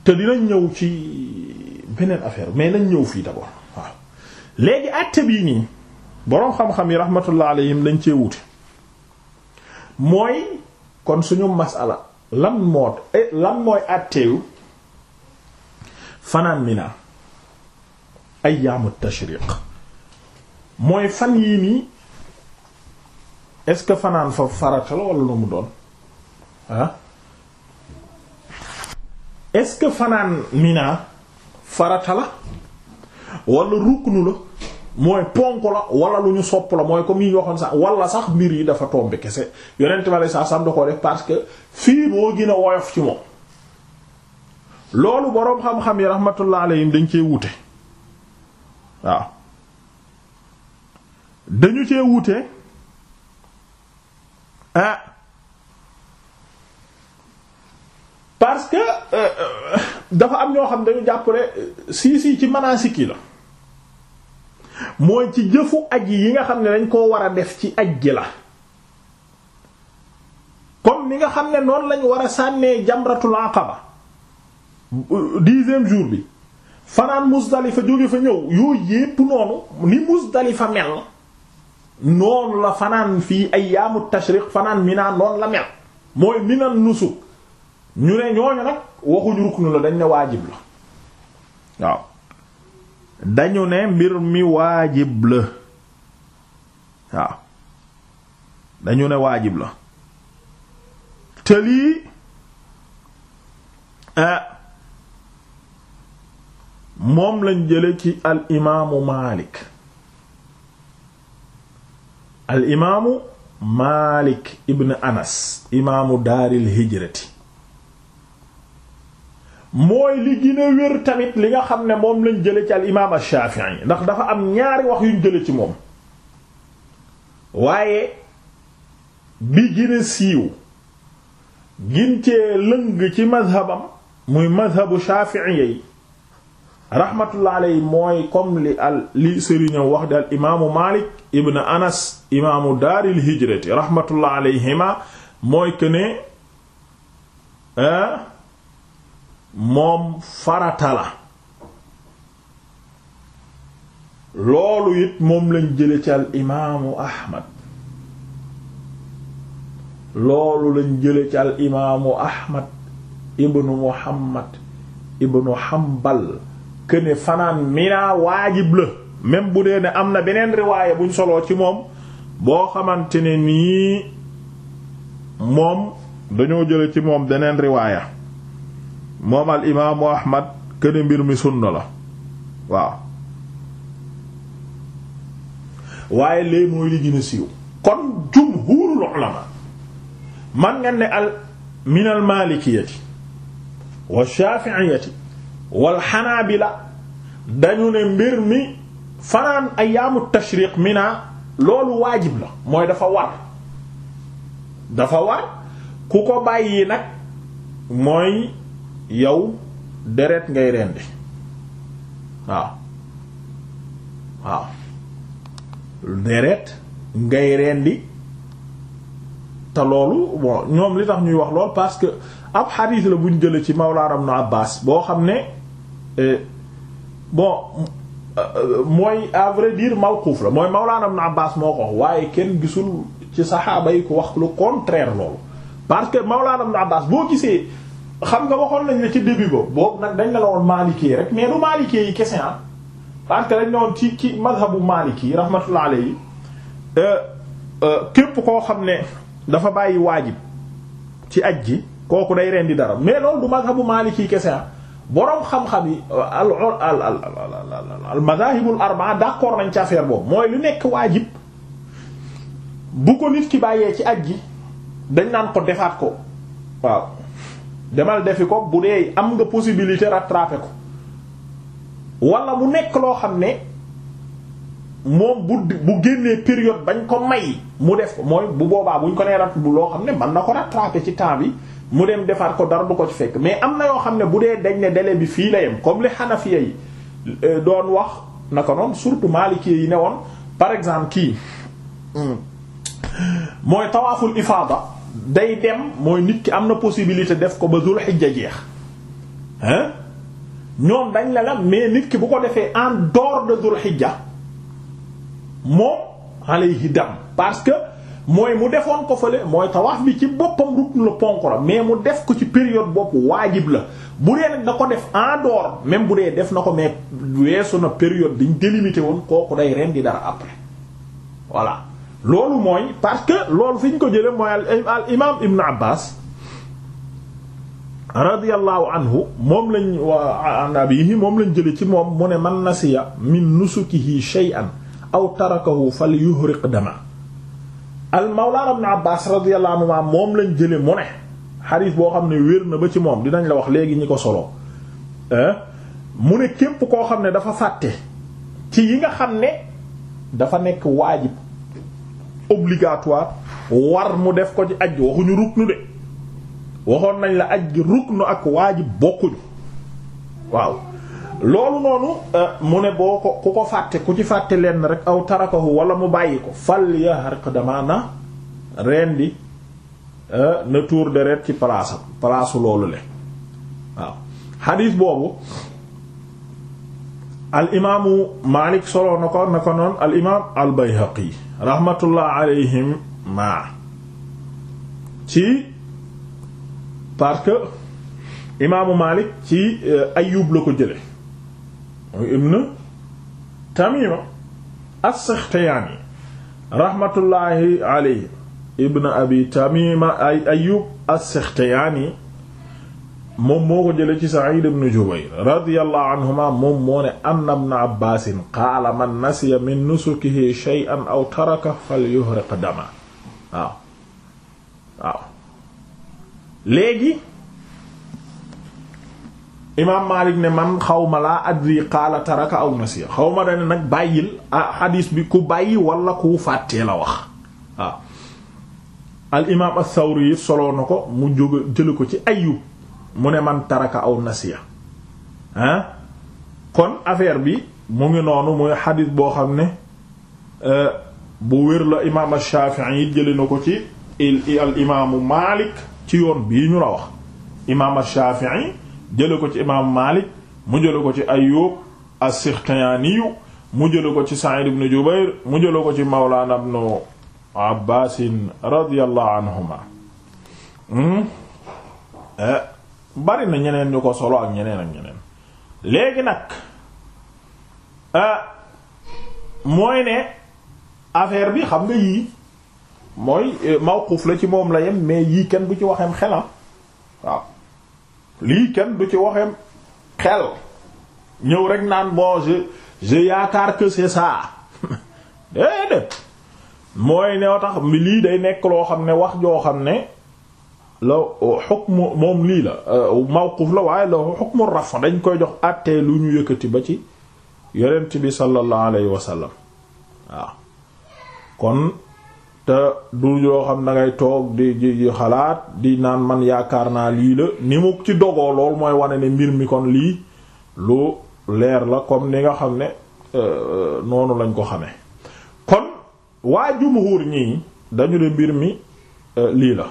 te dinañ ñëw ci beneen affaire mais lañ ñëw fii d'abord waaw léegi àtte bii nii boroom xam-xam yi rahmatullah alayhim dañ cee wuute mooy kon suñu masala lan moo eh, lan mooy àtteew fanaan Mina ayyaamu tashriq mooy fan yii nii est-ce que fanaan fa farata la wala nu mu doon ah ce que fanaan Mina farata la wala ruknu la mooy ponk la wala lu ñu sopp la mooy comme yi ñu waxoon sax wala sax mbir yi dafa tombe kese yonent ma lay sax sam da koo def parce que fii moo gën a woyof ci moom loolu boroom xam-xam yi rahmatullah alayhim dañ cee wute waaw dañu cee wute ah parce que euh, euh, dafa am ñoo xam dañu jàppale euh, si si ci manaasik yi la mooy ci jëfu aj yi nga xam ne dañ koo war a def ci aj gi la kon ni nga xam ne noonu lañu war a sànnee jamratul aqaba dixième jour bi fanaan Muzdalifa jóge fa ñëw yooyu yépp noonu ni Muzdalifa mel noonu la fanaan fii ay ayyaamu tashriq fanaan Mina noonu la mel mooy minan nusuk ñu ne ñooñu nag waxuñu ruknu la dañ ne waajib la waaw dañu ne mbir mi waajib la waaw dañu ne waajib la te lii eh, moom lañ jële ci al imaamu Maalik al imaamu Maalik ibn Anas imaamu daaril hijrati mooy li gën wér tamit li nga xam ne moom lañ jële ci al imaam ash ndax dafa am ñaari wax yuñ jële ci moom waaye bi gën siiw gin cee lëng ci mazhabam muy mazhabu Shafi'i yi rahmatullah alayhi mooy comme li al li sëriñam wax di al imaamu Malik ibn Anas imaamu daaril hijrati rahmatullah mooy que ne moom farata la loolu it moom lañ jële ci al imaamu ahmad loolu lañ jële ci al imaamu ahmad ibnu muhammad ibnu hambal këne fanaan mina waajib la même bu dee ne am na beneen riwaaye buñ soloo ci moom boo xamante nii moom dañoo jële ci moom beneen riwaaya moom al imaamu ahmad këne mbir mi sunna la waaw waaye lee mooy li gën siiw kon jumhuurul ulama man nga ne al min al maalikiyati wa shaafi'iyati wal xanaabila dañu ne mbir mi fanaan ayaamu tashriq mina loolu waajib la mooy dafa war dafa war ku ko bàyyi nag mooy yow deret ngay rendi waaw waaw deret ngay rendi te loolu bon ñoom li tax ñuy wax lool parce que ab xadiis la buñ jëlee ci Mawlaana Ibn Abbaas boo xam ne euh, bon mooy à vrai dire mawquuf la mooy Mawlaana Ibn Abbaas moo ko wax waaye kenn gisul ci saxaaba yi ko wax lu contraire loolu parce que Mawlaana Ibn boo gisee xam nga waxoon nañ la ci début ba boobu nag dañ la woon maalikee rek mais du maalikee yi kese ah parce que dañ la woon ci ci mazhabu maaliki rahmatullah alayhi euh, euh, képp koo xam ne dafa bàyyi waajib ci aj ji kooku day rendi dara mais loolu du mazhabu maaliki kese ah boroom xam-xam yi al al al al madahibul arbaa d'accord nañ ci affaire boobu mooy lu nekk waajib bu ko nit ki bàyyee ci aj ji dañ naan ko defaat ko waaw. demal defi ko bu dee am nga possibilité rattraper ko wala bu nekk loo xam ne moom bu bu génnee période bañ ko may mu def ko mooy bu boobaa buñ ko nee rat bu loo xam ne man na ko rattraper ci temps bi mu dem defar ko dara du ko ci fekk mais am na yoo xam ne bu dee dañ ne délai bi fii la yem comme li Hanafiya yi euh, doon wax ko noonu surtout Maliki yi ne woon par exemple kii hmm. mooy tawaaful ifaada day dem mooy nit ki am na possibilité def ko ba dul xijja jeex hein ñoom dañ la la mais nit ki bu ko defee en dehors de dul xijja moom alayhi dam parce que mooy mu defoon ko fële mooy tawaaf bi ci boppam rukn la ponk la mais mu def ko ci période bopp waajib la bu dee nag na ko def en dehors même bu dee def na ko mais weesu na période diñ délimité woon kooku day rendi dara après voilà loolu mooy parce que loolu fi ñu ko jële mooy al imaam ibn abbas radiyallahu anhu moom lañ an abihi moom lañ jële ci moom mu ne man nasiya min nusukihi shay'an aw tarakahu falyuhriq dama al mawlana ibn abbas radiyallahu anhu moom lañ jële mu ne xadiis boo xam ne wér na ba ci moom dinañ la wax léegi ñi ko solo mu ne képp koo xam ne dafa fàtte ci yi nga xam ne dafa nekk waajib obligatoire war mu def ko ci aj waxuñu ruknu de waxoon nañ la aj ruknu ak waajib bokkuñu waaw loolu noonu euh, mu ne boo ko ku ko fàtte ku ci fàtte lenn rek aw tarakahu wala mu bàyyi ko fal yahriq dama na rendi euh, na tuur deret ci palaasam palaasu loolu le waaw xadiis boobu al imaamu Maalik solo na ko na al imaam al Bayhaqi rahmatullah alayhim ma ci parce que imaamu Malik ci euh, Ayyub la ko jële muy ibn Tamima as-Sakhtiyani rahmatullahi alayhi ibn abi Tamima ay Ayyub as-Sakhtiyani moom moo ko jëlee ci Sa'id ibn Jubayr radiyallahu anhuma moom moo ne anna ibn Abbas qaala man nasiya min nusukihi shay'an aw taraka falyuhriq dama waaw léegi imaam Maalik ne man xawma laa adri qaala taraka aw nasiya xawma dane nag bàyyil ah xadiis bi ku bàyyi wala ku fàttee la wax waaw al imaam yi soloo ko mu jóg jële ko ci Ayyub mu ne man taraka aw nasiya kon affaire bi mu ngi noonu muy xadis boo xam ne euh, bu wér la imaam Shaafi'i yi jëlee ko ci al imaamu Maalik bii ñu la wax imaam ko ci imaamu Maalik mu jëlee ko ci Ayyuub as-Sikhtiyani mu jëlee ko ci Sa'id ibn Jubayr mu jëlee ko ci Mawlaana ibn Abbaas radiyallahu anhuma hmm? eh, bari na ñeneen ñu ko solo ak ñeneen ak ñeneen léegi nag ah, mooy ne affaire bi xam nga yii mooy eh, mawquf la ci moom la yem mais yii kenn bu ci waxeem xelam waaw lii kenn du ci waxeem xel ñëw rek naan bon je je yaakaar que c'est ça mooy ne tax lii day nekk loo xam ne wax joo xam ne. la oh, xukmu moom lii la euh, mawquf la waaye la xukmu raf dañ koy jox àttee lu ñu yëkkati ba ci yonent bi sallallahu alayhi wa sallam waaw kon te du yoo xam da ngay toog di di xalaat di naan man yaakaar naa lii la ni mu ci dogoo lool mooy wane ne mbir mi kon lii lu leer la comme ni nga xam ne euh, noonu lañ ko xamee kon waa jumhuur ñii dañu ne mbir mi euh, lii la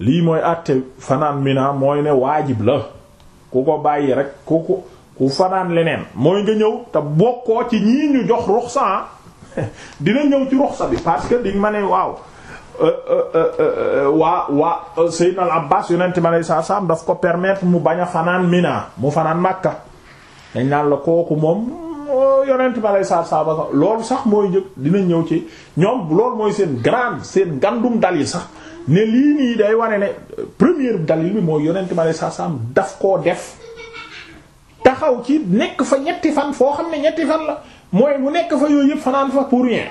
lii mooy àtte fanaan mina mooy ne waajib la ku ko bàyyi rek ku ku ku fanaan leneen mooy nga ñëw te bokkoo ci ñii ñu jox ruxsa dina ñëw ci ruxsa bi parce que waaw euh, euh, euh, waa waa Seydina al Abbas saa saam daf ko permettre mu bañ a fanaan mina mu fanaan Makka dañ naan la kooku moom yonent ma lay saa saam loolu sax mooy jëkk dina ñëw ci ñoom loolu mooy seen grande seen gandum dal yi sax ne lii nii day wane ne première dalil bi mooy yonent ma lay saa daf koo def taxaw ci nekk fa ñetti fan foo xam ne ñetti fan la mooy mu nekk fa yooyu yëpp fanaan fa pour rien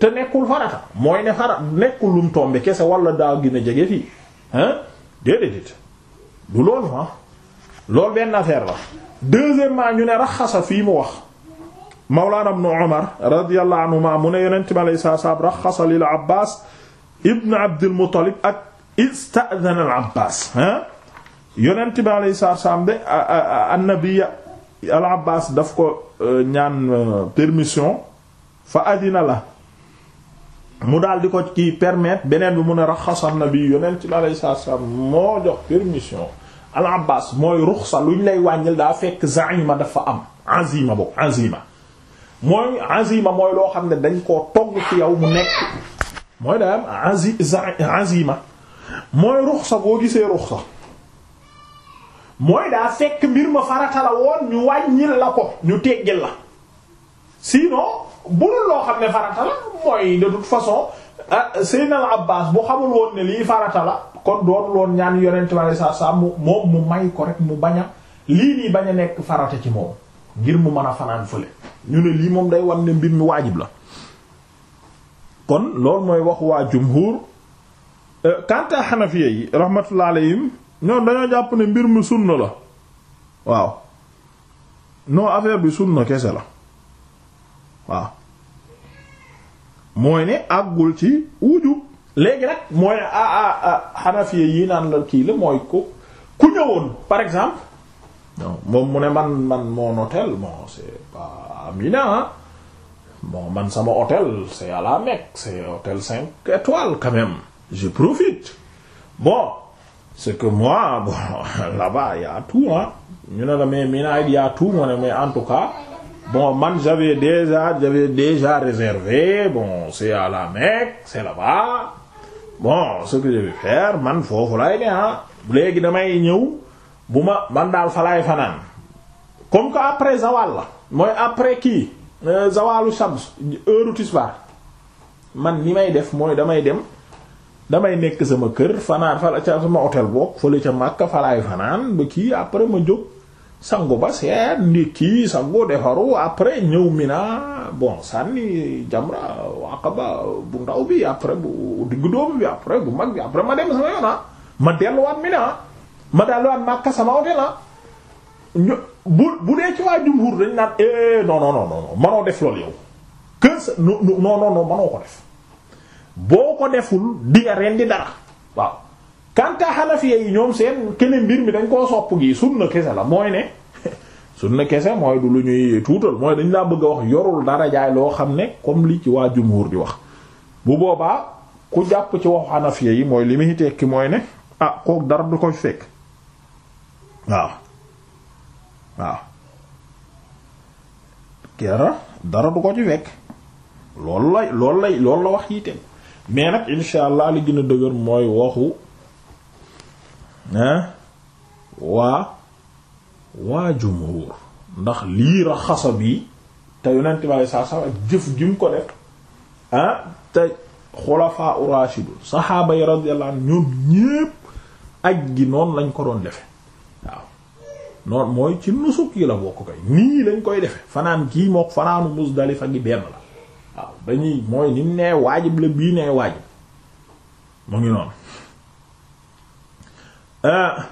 te nekkul farata mooy ne fara nekkul lum tombe kese wala daaw gën jege fii hein déedéet du loolu ma loolu benn affaire la deuxièmement ñu ne raxasa fii mu wax mawlaana ibn Umar radiyallahu anhuma mu ne yonent ma lay saa saam raxasa lil Abbaas ibn Abdul Muttalib ak ista'dhana al Abbaas ah yonent bi alayhi al Abbaas daf ko euh, ñaan euh, permission fa adina la mu daal di ko ci permettre beneen bi mu ne raxasa nabi yonent bi alayhi salaam moo jox permission al Abbaas mooy ruxsa luñ lay wàññil daa fekk za'ima dafa am azima boobu azima mooy azima mooy loo xam ne dañ koo togg ci yow mu nekk. mooy day am azi azima mooy ruxsa boo gisee ruxsa mooy daa sekk mbir ma farata la woon ñu wàññil la ko ñu teggil la sinon bu dul loo xam ne farata la mooy de toute façon ah, Seynal Abbas bu xamul woon ne lii farata la kon doon loon ñaan yonent bi saa saa mu moom mu may ko rek mu bañ a lii nii bañ a nekk farata ci moom ngir mu mën a fanaan fële ñu ne lii moom day wan ne mbir mi waajib la. kon loolu mooy wax waa jumhur kanta euh, xanafiya yi rahmatullah alayhim ñoom dañoo jàpp ne mbir mu sunna la waaw noo affaire bi sunna kese la waaw mooy ne àggul ci wujub léegi nag mooy a xanafiya yi naan la kii la mooy ko ku ñëwoon par exemple non moom mu ne man man mon hôtel bon c'est pas Amina bon man sama hôtel c'est à la Mecque c'est hôtel cinq étoiles quand même je profite bon c'est que moi bon là-bas tout ah ñu ne la mais Mina y a tout ma ne mais en tout cas bon man j'avais déjà j'avais déjà réservé bon c'est à la Mecque c'est là bon ce que je vais man foofu lay ne ah léegi damay ñëw bu ma man daal fa laay fanaan comme que après zawal la mooy après kii. Euh, zawalu shams heure tisbaar man ni may def mooy damay dem damay nekk sama kër fanaan fa ca sama hôtel boog fële ca Makka falaay fanaan ba kii après ma jóg sangu ba seet kii sangu defaru après ñëw Mina bon sànni jamra Aqaba bu ndaw bi après bu diggu dóomu bi après bu mag bi après ma dem sama yoona ah. ma delluwaat Mina ma delluwaat Makka sama hôtel la ah. ñu bu bu ci waa jumhur dañ naan eh non non non non manoo def loolu yow que sa non non manoo ko def boo ko deful di nga rendi dara waaw. quant à yi ñoom seen keneen mbir mi dañ koo sopp gi sunna kese la mooy ne sunna kese mooy du lu ñuy tuutal mooy dañ laa bëgg a wax yorul dara jaay loo xam ne comme li ci waa jumhur di wax bu boobaa. ku jàpp ci waxu xanafiya yi mooy li muy tekki mooy ne ah kook dara du koy fekk waaw waaw kera dara du ko ci fekk loolu la loolu la wax yiite mais nag insha allah li gën a dëgër mooy waxu ah waa waa jumhur ndax lii raxasa bi te yonent bi saa saa jëf gi mu ko def ah te xulafaa u raashidun saxaaba yi radiyallahu anhum ñoom ñépp aj gi noonu lañ ko doon defe noonu mooy ci nusuk yi la bokk kay nii lañ koy defe fanaan kii mook fanaanu Muzdalifa gi benn la waaw dañuy mooy ni nee waajib la bii nee waajib mu ngi noonu euh,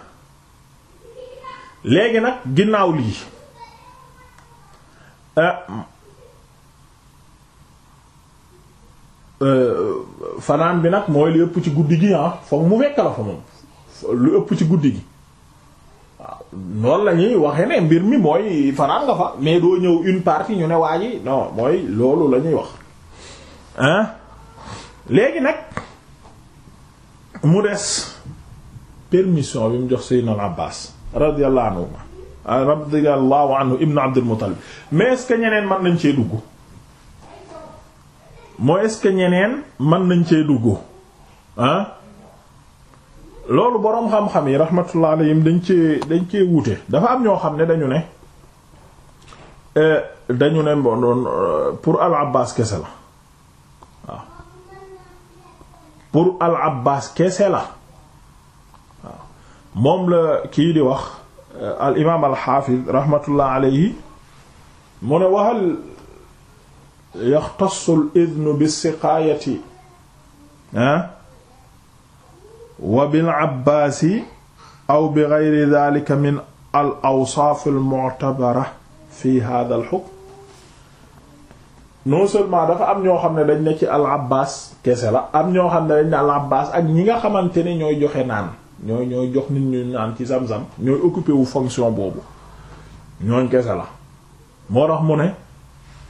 léegi nag ginnaaw lii euh, euh, fanaan bi nag mooy lu ëpp ci guddi gi ah foog mu fekk la fa moom lu ëpp ci guddi gi lool la ñuy waxee ne mbir mi mooy fanaan nga fa mais doo ñëw une partie ñu ne waa ji non mooy loolu la ñuy wax hein léegi nag mu des permission bi mu jox Seydina al Abbas radiyallahu anhu radiyallahu anhu ibnu Abdul Muttalib mais est-ce que ñeneen mën nañ cee dugg mooy est ñeneen mën nañ cee dugg loolu boroom xam-xam yi rahmatullah yi dañ ci dañ cee wuute dafa am ñoo xam ne dañu ne eh, dañu ne doon eh, pour al abbas kese la waaw pour al abbas kese la waaw moom la kii di wax eh, al imaam al xaafid rahmatullah alayhi mu ne waxal yaxtassu al bi siqaayati ah wa bil abbaasi aw bi geyri dalika min al awsaaf al mu'tabara fi hada al hukm seulement dafa am ñoo xam ne dañ ne ci al abbas kese la am ñoo xam ne dañ ne al ak ñi nga xamante ne ñooy joxe naan ñooy ñooy jox nit ñu naan ci wu fonction boobu ñooñ kese la moo mu ne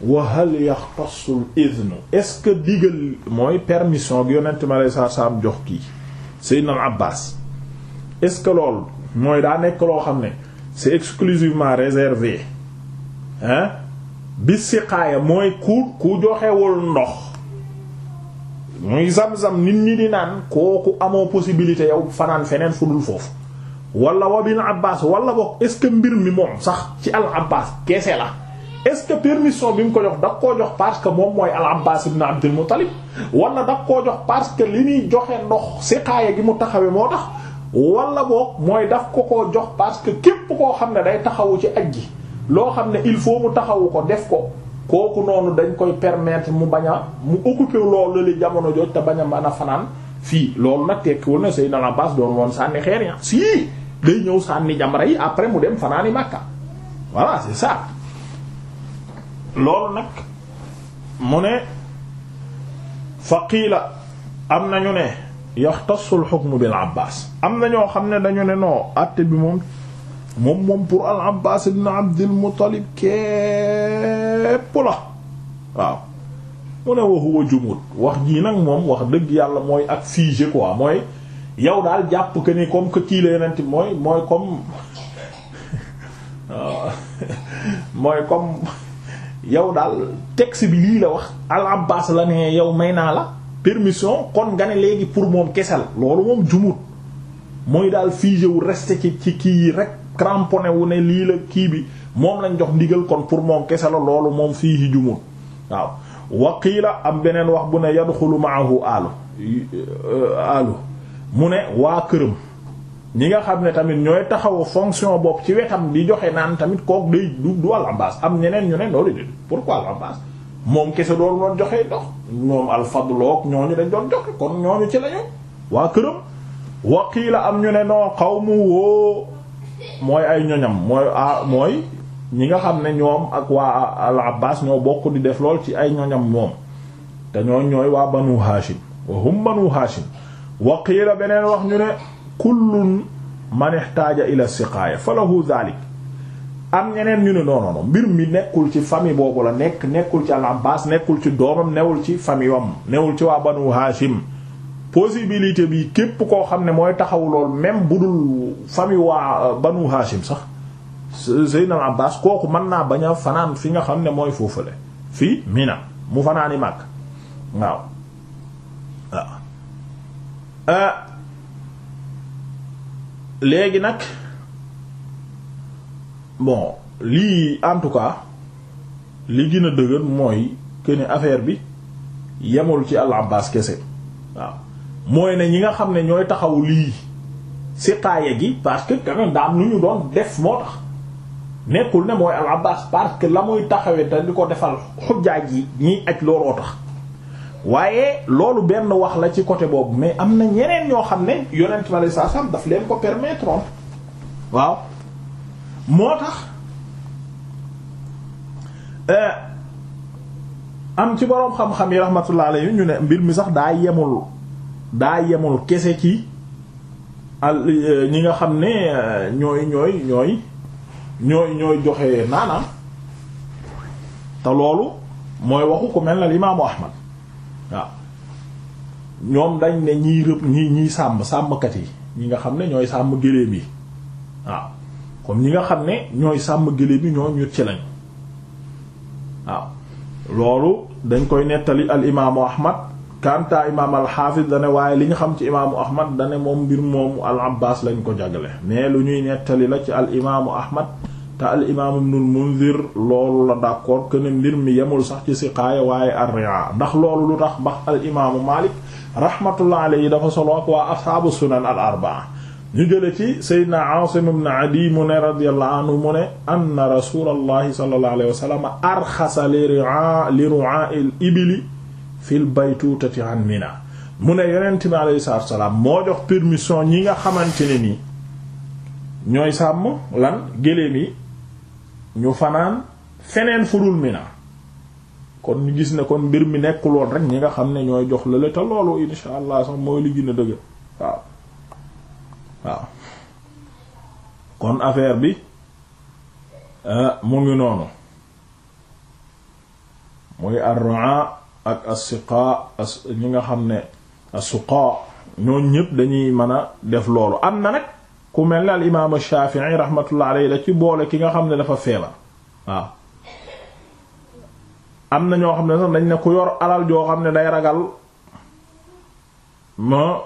wa hal yaxtasul idnu est-ce que digal mooy permission gi yonent ma lay jox kii Seydina al Abbas est-ce que loolu mooy daa nekk loo xam ne c'est exclusivement réservé hein bi siqaaya mooy ku ku joxewul ndox muy zam-zam nit ñi di naan kooku amoo possibilité yow fanaan feneen fu dul foofu wala wa bin Abbas wala boog est-ce que mbir mi moom sax ci al Abbas keese la est-ce que permission bi mu ko jox da koo jox parce que moom mooy al-Abbas ibn Abdul Muttalib wala da koo jox parce que li muy joxe ndox si siqaaya gi mu taxawee moo tax wala boog mooy daf ko koo jox parce que képp koo xam ne day taxawu ci aj ji loo xam ne il faut mu taxawu ko def ko kooku noonu dañ koy permettre mu bañ a mu occuper loolu li jamono jooj te bañ a mën a fanaan fii loolu nag tekkiwul na Seydina Abbas doon woon sànni xeer ya si day ñëw sànni jamra yi après mu dem fanaani Makka voilà loolu nag mu ne fa qiila am nañu ne yaxtassul xukmu bil abbas am na ñoo xam ne dañu ne noo àtte bi moom moom moom pour al abbas ibn abdil muttalib képp la waaw mu ne wa huwa wax jii nag moom wax dëgg yàlla mooy ak figé quoi mooy yow daal jàpp que ni comme que kii la yeneen mooy mooy comme mooy comme yow daal texte bi lii la wax al la ne yow may naa la permission kon nga ne léegi pour moom kesel la loolu moom jumut mooy daal figé wu resté ci kii yi rek cramponné wu ne lii la kii bi moom lañ jox ndigal kon pour moom kese la loolu moom fii ci jumut waaw waqiila am beneen wax bu ne yadxulu maahu alu euh, alu mu ne waa këram ñi nga xam ne tamit ñooy taxawu fonction bopp ci wetam di joxe naan tamit kook day du du al am ñeneen ñu ne loolu de pourquoi al Abbaas moom kese doon doon joxe ndox ñoom al Fadl ak ñooñu dañ doon joxe kon ñooñu ci lañu waa këram waqiila am ñu ne xaw mu woo mooy ay ñoñam mooy a mooy ñi nga xam ne ñoom ak waa al Abbaas ñoo bokk di def lool ci ay ñoñam moom te ñooñ ñooy waa Banu Haashim wa Banu Haashim waqiila beneen wax ñu ne kullun man ihtaja ila siqaaya fa lahu dhalik am ñeneen ñu ne non mbir mi nekkul ci famille boobu la nekk nekkul ci al nekkul ci doomam newul ci famille wam ci waa banu Haashim possibilité bi képp koo xam ne mooy taxaw lool même bu dul famille waa euh, banu Haashim sax Seydina Abbaas kooku mën naa bañ a fanaan fi nga xam ne mooy foofu la fii Mina mu fanaani màgg waaw ah. euh, léegi nag bon lii en tout cas li gën a dëgër mooy que ne affaire bi yemul ci al kese waaw mooy ne ñi nga xam ne ñooy taxawu lii siqaaya gi parce que quand même daa am lu ñu doon def moo tax nekkul ne mooy al-Abbas parce que la muy taxawee te di ko defal xujjaaj yi ñiy aj looloo tax waaye loolu benn wax la ci côté boobu mais am na ñeneen ñoo xam ne yonent ma lay saa sam daf leen ko permettre waaw moo tax euh, am ci boroom xam-xam yi rahmatullah ñu ne mbir mi sax daa yemul daa yemul kese ci al euh, ñi nga xam ne euh, ñooy ñooy ñooy ñooy ñooy joxe naanaam te loolu mooy waxu ko mel na al imaamu Ahmad waaw ñoom dañ ne ñiy rëbb ñi ñiy sàmm sàmmkat yi ñi nga xam ne ñooy sàmm géléem yi waaw comme ñi nga xam ne ñooy sàmm géléem yi ñoo ñu ci lañ waaw loolu dañ koy nettali al imaamu ahmad kanta imaam al xaafis dane waaye li ñu xam ci imaamu ahmad dane moom mbir moomu al abbas lañ ko jagale mais lu ñuy nettali la ci al imaamu ahmad te al imaam ibnul munzir loolu la d'accord que ne mi yemul sax ci siqaaya waaye arria ndax loolu lu tax mbax al imaamu malik rahmatullah dafa solo ak waa ashaabu sunan al arbaa ñu jële ci sayyidina aasim ibn adi mu ne radiyallahu li ria li ruaa al ibili fil baytuutati an mina mu ne yonent bi moo jox permission ñi nga xamante ni nii ñooy sàmm lan gëléem yi ñu fanaan feneen furul Mina kon ñu gis ne kon mbir mi nekkuloon rek ñi nga xam ne ñooy jox la te loolu insha allah sax mooy li gën a dëgg waaw waaw kon affaire bi ah, mu ngi noonu muy ar-ru'a ak as-siqa ñi nga xam ne as-suqa ñooñ ñépp dañuy mën a def loolu am na nag ku mel ne al imaam Shaafi'i rahmatullah alayhi da ci boole ki nga xam ne dafa feebar waaw am na ñoo xam ne sax dañ ne ku yor alal joo xam ne day ragal ma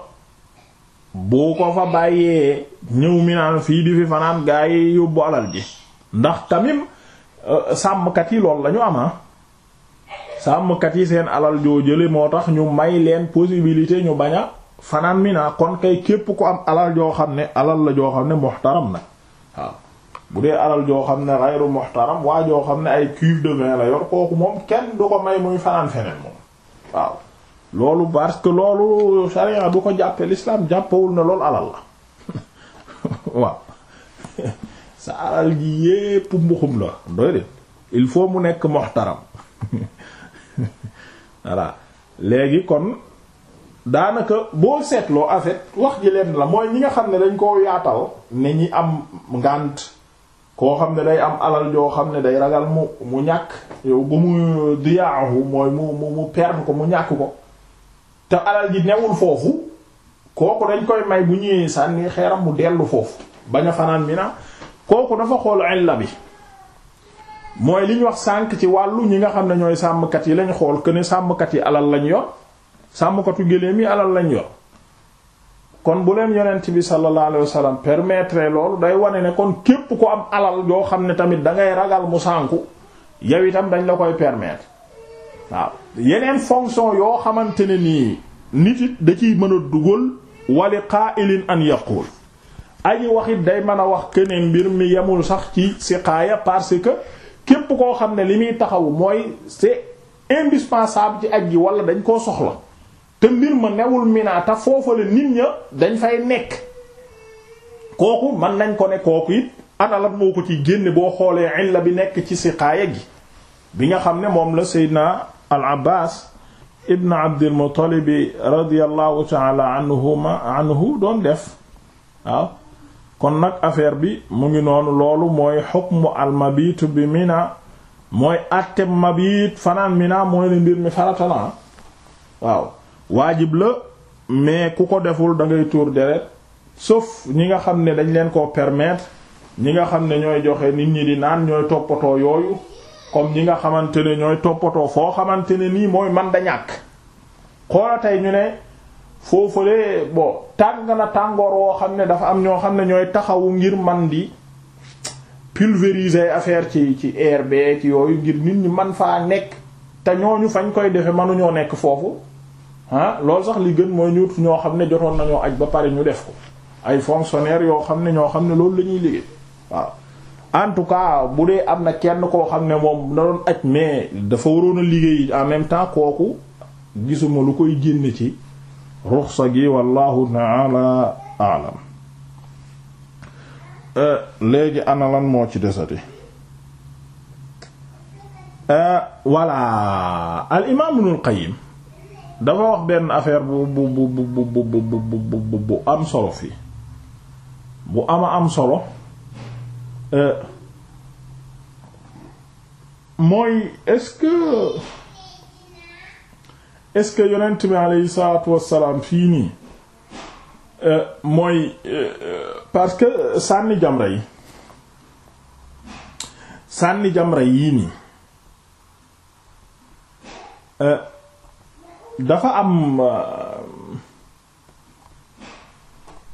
bu ko fa bàyyee ñëw mi naan fii di fi fanaan gaa yi yóbbu alal ji ndax tamit euh, sàmmkat yi loolu lañu ama ah. sàmmkat yi seen alal joo jële moo tax ñu may leen possibilité ñu baña fanaan mina kon kay képp ku am alal joo xam ne alal la joo xam ne muxtaram na waaw bu dee alal joo xam ne ghayru muxtaram waa joo xam ne ay cuve de vin la yor kooku moom kenn du ko may muy fanaan feneen moom waaw loolu parce que loolu sharia du ko jàppe l'islam jàppawul na loolu alal la waaw sa alal ji yépp mbuxum la doy de il faut mu nekk muxtaram voilà léegi kon daanaka boo seetloo en wax ji leen la mooy ñi nga xam ne dañ koo yaatal ne ñi am ngànt koo xam ne day am alal joo xam ne day ragal mu mu ñàkk yow ba mu diyaahu mooy mu mu mu ko mu ñàkk ko te alal ji newul foofu kooku dañ koy may bu ñëwee sànni xeeram mu dellu foofu bañ a fanaan mi na kooku dafa xool illa bi mooy li ñu wax sànk ci wàllu ñi nga xam ne ñooy sàmmkat yi lañ xool que ne sàmmkat yi alal lañu yor sàmm sàmmkatu géléem yi alal lañ yor kon bu leen yonent bi sallallahu alayhi wasallam permettre loolu day wane ne kon képp ko am alal yoo xam ne tamit da ngay ragal mu sànku yow itam dañ la koy permettre waaw yeneen fonction yoo xamante ne nii nit it da ciy mën a dugal wali qaa'ilin an yaqul aji wax it day mën a wax keneen mbir mi yemul sax ci siqaaya parce que képp koo xam ne li muy taxaw mooy c'est indispensable ci aj gi wala dañ koo soxla te mbir ma newul Mina te foofa la nit ña dañ fay nekk kooku man nañ ko ne kooku it analat moo ko ci génne boo xoolee illa bi nekk ci siqaaya gi bi nga xam ne moom la Seydina al Abbas ibn Abdil Muttalib radiyallahu taala anhu doon def waaw kon nag affaire bi mu ngi noonu loolu mooy hukmu al mabitu bi Mina mooy atte mabit fanaan Mina mooy ne mbir mi farata la waaw waajib la mais ku ko deful da ngay tuur deret sauf ñi nga xam ne dañ leen koo permettre ñi nga xam ne ñooy joxe nit ñi di naan ñooy toppatoo yooyu comme ñi nga xamante ne ñooy toppatoo foo xamante ne nii mooy man da ñàkk xoola tey ñu ne foofalee bo tàng na tàngoor woo xam ne dafa am ñoo xam ne ñooy taxawu ngir man di pulvériser affaire ci ci air ci yooyu ngir nit ñi man faa nekk te ñooñu fañ koy defe mënuñoo nekk foofu ah loolu sax li gën mooy ñuut ñoo xam ne jotoon nañoo aj ba pare ñu def ko ay fonctionnaires yoo xam ne ñoo xam ne loolu la ñuy liggéey waaw en tout cas bu dee am na kenn koo xam ne moom na doon aj mais dafa waroon a liggéey en même temps kooku gisuma lu koy génn ci ruxsa gi wallahu taala alam euh, léegi ana moo ci desati euh, voilà al imam ibnul dafa wax benn affaire bu bu bu bu bu bu am solo fii bu ama am solo mooy est-ce que est-ce que yonent bi aleyhi salaatu wassalaam fii nii mooy parce que sànni jamra yi sànni jamra yii nii dafa am euh,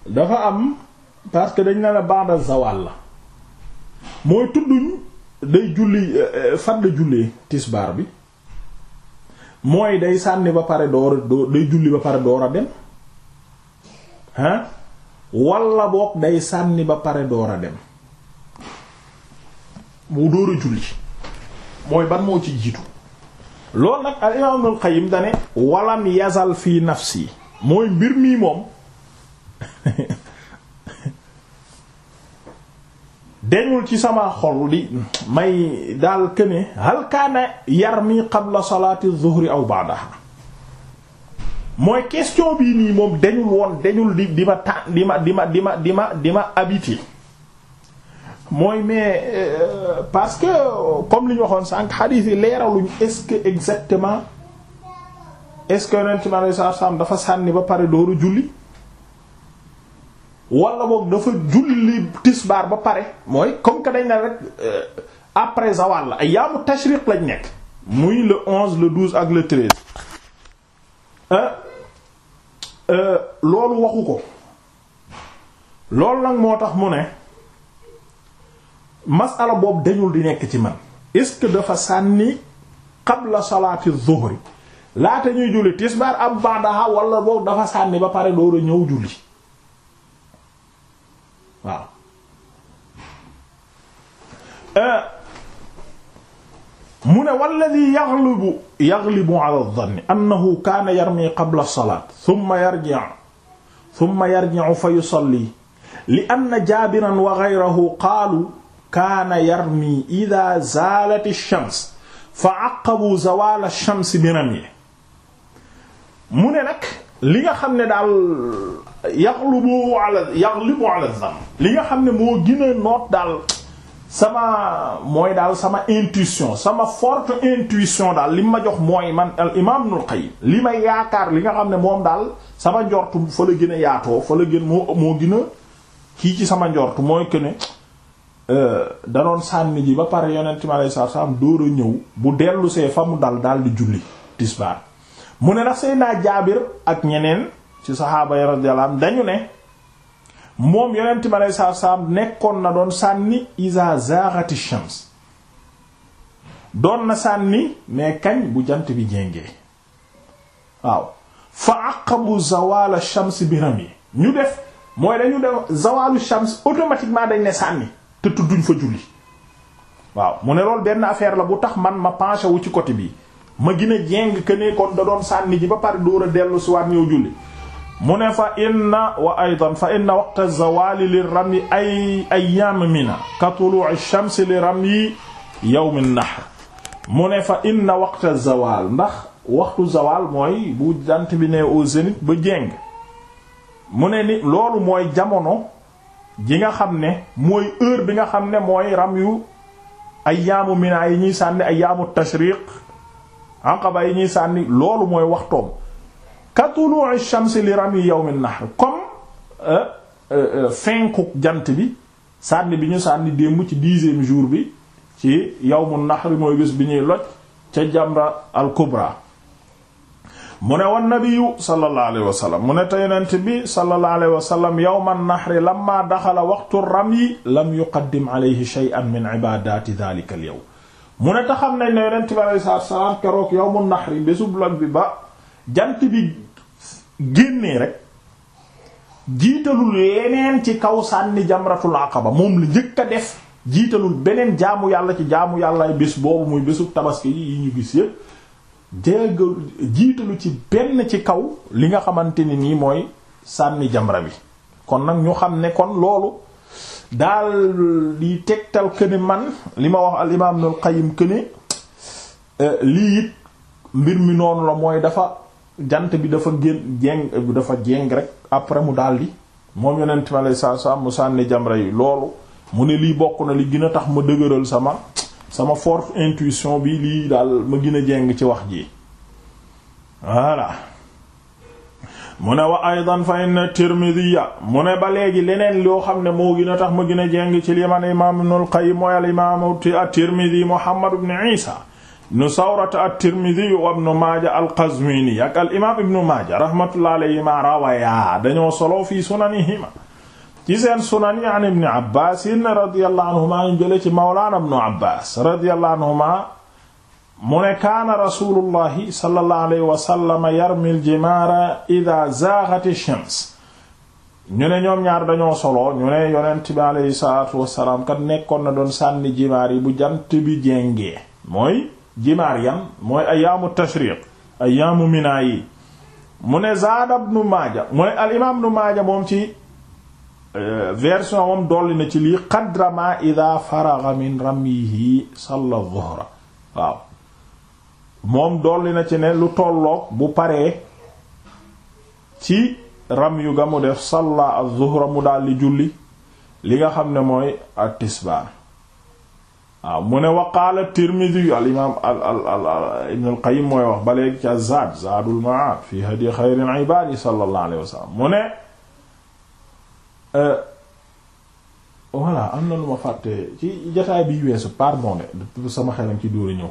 dafa am parce que dañ ne la ba'da zawal la mooy tudduñ day julli euh, euh, fan la jullee tisbaar bi mooy day sànni ba pare door doo day ba pare door a dem ah walla boog day sànni ba pare door a dem mu door a julli mooy ban moo ci jiitu loolu nag al imaam Ibnul Qayyim dane walam yazal fii nafsi mooy mbir mii moom deñul ci sama xol di may daal këne hal kaana yarmi qabla salaati zuhri aw ba'daha mooy question bii nii moom deñul woon deñul di di ma ta di ma di ma di ma di ma di ma habité mooy mais euh, parce que comme li ñu waxoon sànq xadiis yi leeraluñ est-ce que exactement est-ce que yonent bi alei dafa sànni ba pare dooru julli wala boog dafa julli tisbaar ba pare mooy comme que dañ na rek euh, après zawal la ay yaamu tashriq lañ nekk muy le onze le douze ak le treize euh, loolu waxu ko loolu nag moo tax mu ne masala boob dañul di nekk ci man est-ce que dafa sànni qabla salaati zuhri laata ñuy julli tisbaar am ba'daha wala boobu dafa sànni ba pare door a ñëw julli waaw eh, mu ne walladi yaghlibu yaghlibu ala dhanni annahu kaana yarmi qabla salaat thumma yarji'u thumma yarji'u fa yusalli li anna jaabiran qaalu kaana yarmi ida zaalati shams fa aqabu zawaala shams bi rami mu ne nag li nga xam ne daal yaxlubu ala yaxlibu zam li nga xam ne moo gën noot daal sama mooy daal sama intuition sama forte intuition daal li ma jox mooy man al imaam Ibnul Qayyim li ma yaakaar li nga xam ne moom daal sama njort fa la gën a yaatoo fa la gën moo moo kii ci sama njort mooy que ne Euh, danoon sànni ji ba pare yonent mi alayhi salaatu salaam dóor a ñëw bu dellusee see fa mu dal daal di julli tisbaar mu ne ndax Seydina Jaabir ak ñeneen ci saxaaba yi dañu ne moom yonent mi alayhi salaatu salaam nekkoon na doon sànni iza zaghati shams doon na sànni mais kañ bu jant bi jéngee waaw fa aqabu zawal shams biram yi ñu def mooy dañu def zawalu shams automatiquement dañ ne sànni te tudduñ fa julli waaw mu ne loolu benn affaire la bu tax man ma penché wu ci côté bi ma gën a jéng kon da doon sànni ji ba pare dóor a dellu si waat ñëw julli mu ne fa inna wa aydan fa inna waqta zawali li ramyi ay ayyaam mina ka tuluu'i shamsi li ramyi yawm an-nahr mu ne fa inna waqta zawal ndax waxtu zawal mooy bu jant bi ne au zénith ba jéng mu ne ni loolu mooy jamono ji nga xam ne mooy heure bi nga xam ne mooy ram yu ay yaamu mina yi ñuy sànni ay yaamu tashriq aqaba yi ñuy sànni loolu mooy waxtoom ka tulu'i shams li ram yi yawmin nahr comme euh, euh, euh, fenkuk jant bi sànni bi ñu sànni démb ci dixième jour bi ci yow mu yawmun nahr mooy gis bi ñuy loj ca jamra al mu ne wan nabiyu sallallahu alayhi mu ne te yonent bi sallallahu alayhi wa sallam yawma nahri lamma daxala waqtu ramyi lam yuqaddim alayhi shay'an min ibadati dhalika mu ne xam nañ ne yonent bi alayhi salaatu wa salaam keroog yawmu nahri bésub lag bi ba jant bi génnee rek jiitalul leneen ci kaw sànni jamratul aqaba moom la njëkk a def jiitalul beneen jaamu yàlla ci jaamu yàllaay bés boobu muy bésub tabaski yi ñu gis yépp jéegal jiitalu ci benn ci kaw li nga xamante ni nii mooy sànni jamra bi kon nag ñu xam ne kon loolu daal di tegtal këne man li ma wax al imaam Ibnul Qayyim këne euh, lii it mbir mi noonu la mooy dafa jant bi dafa gén jéng dafa jéng rek après mu daal di moom yeneen mi alayhi salaatu salaam mu sànni jamra yi loolu mu ne lii bokk na li gën a tax ma dëgëral sama sama forte intuition bi lii daal ma gën a jeng ci wax ji voilà mu ne wa aydan fa inna tirmidhiya mu ne ba léegi leneen loo xam ne moo gën tax ma gina jeng ci liman imam ibn al-qayyim mooy al imam at-tirmidhi muhammad ibn isa nu sawrata at-tirmidhi wa ibn maaja al-qazwini ak al imam ibn maaja rahmatullah alayhima rawaya dañoo solo fi sunanihima ci seen sunan yi an ibni abbas in radiyallahu anhuma ñu jële ci mawlaana ibnu abbas radiyallahu anhuma mu ne kaana rasulullahi sallallahu alayhi wa sallam yarmil jimaara ida zaaxati shams ñu ne ñoom ñaar dañoo solo ñu ne yonent bi aleyhi salaatu wasalaam kat nekkoon na doon sànni jimaar yi bu jant bi jéngee mooy jimaar yam mooy ayaamu tashriq ayaamu minaa mu ne zaada ibnu maaja moom ci Euh, version moom dolli na ci lii qadrama ida faraga min ramyihi salla zuhra waaw moom dolli na ci ne lu tolloog bu paree ci ram yu ga mu def salla az-zuhra mu daldi julli li nga xam ne mooy at-tisbaar waaw mu ne wa qaala at-Tirmidhi al imaam al al al Ibn al-Qayyim mooy wax ba léegi ca Zaad Zaadul Ma'aad fi hadyi xayril ibaad sallallahu alayhi wa sallam mu ne Euh, voilà am na lu ma fàtte ci jataay biy weesu pardon de sama xelam ci dóori ñëw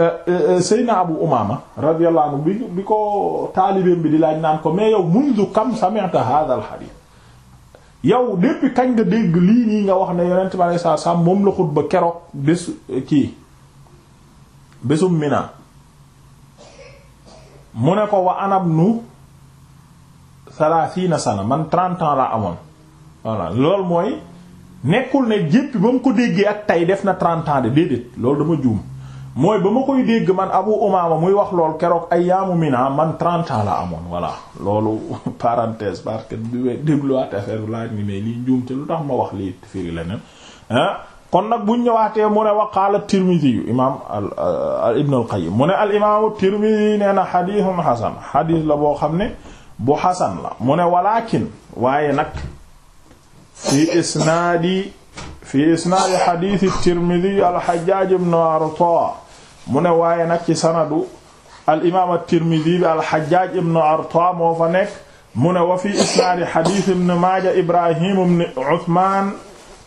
euh, euh, Seydina Abu Umaama radiyallahu anhu bi bi ko taalibeem bi di laaj naan ko mais yow mundu kam sami'ta hadha al hadith yow depuis kañ nga dégg lii nii nga wax ne yonent bi alayhi salaatu salaam moom la xutba keroog bés kii bésum Mina mu ne ko wa anab nu thalathina sana man 30 ans laa amoon voilà lool mooy nekkul ne jéppi ba mu ko déggee ak tey def na 30 ans de déedéet loolu dama juum mooy ba ma koy dégg man Abu Umaama muy wax lool keroog ay yaamu Mina man 30 ans la amoon voilà loolu parenthèse parce que bi may dégluwaat affaire bi ni mais liy juum te lu tax ma wax lii firi leneen ah kon nag buñ ñëwaatee mu ne wa qaala Tirmidhi yu imaam al Ibn al Qayyim mu ne al imaamu Tirmidhi nee na xadiisun xasan xadiis la boo xam ne. bu xasan la mu ne walaakin waaye nag fi isnaadi fi isnaadi xadiisi tirmidi alxajjaaj ibnu artaa mu ne waaye nag ci sanadu alimaam at-tirmidi bi alxajjaaj ibnu artaa moo fa nekk mu ne wa fi isnaadi xadiisi ibnu maaja ibrahim ibnu usmaan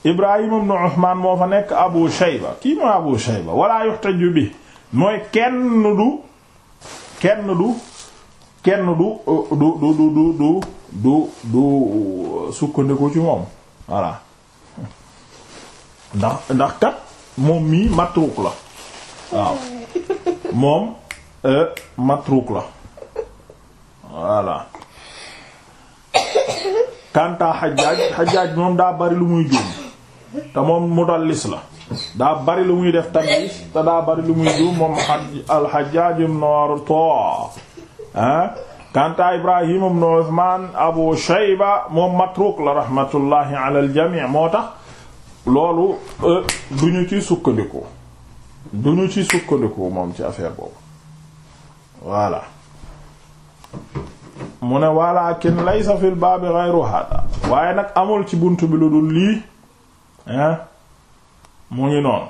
ibrahim ibnu usmaan moo fa nekk abu shayba kii mooy abu shayba walaa yuxtaju bi mooy kenn du kenn du kenn du du du du du du du du sukkandiku ci moom voilà ndax ndax kat moom mii matruk la waaw moom euh, matruk la voilà kanta xajaaj xajaaj moom daa bari lu muy juum te moom mudallis la daa bari lu muy def tamit te daa bari lu muy juum moom alxajaaj ibn Arta ah kanta Ibrahim ibn Abu Shayba moom matruk la rahmatullahi al jami' moo tax loolu euh, du ñu ci sukkandiku du ci sukkandiku moom ci affaire boobu voilà mu ne walakin laysa fil baabi ghayru hada waaye nag amul ci buntu bi lu dul lii ah mu ngi noonu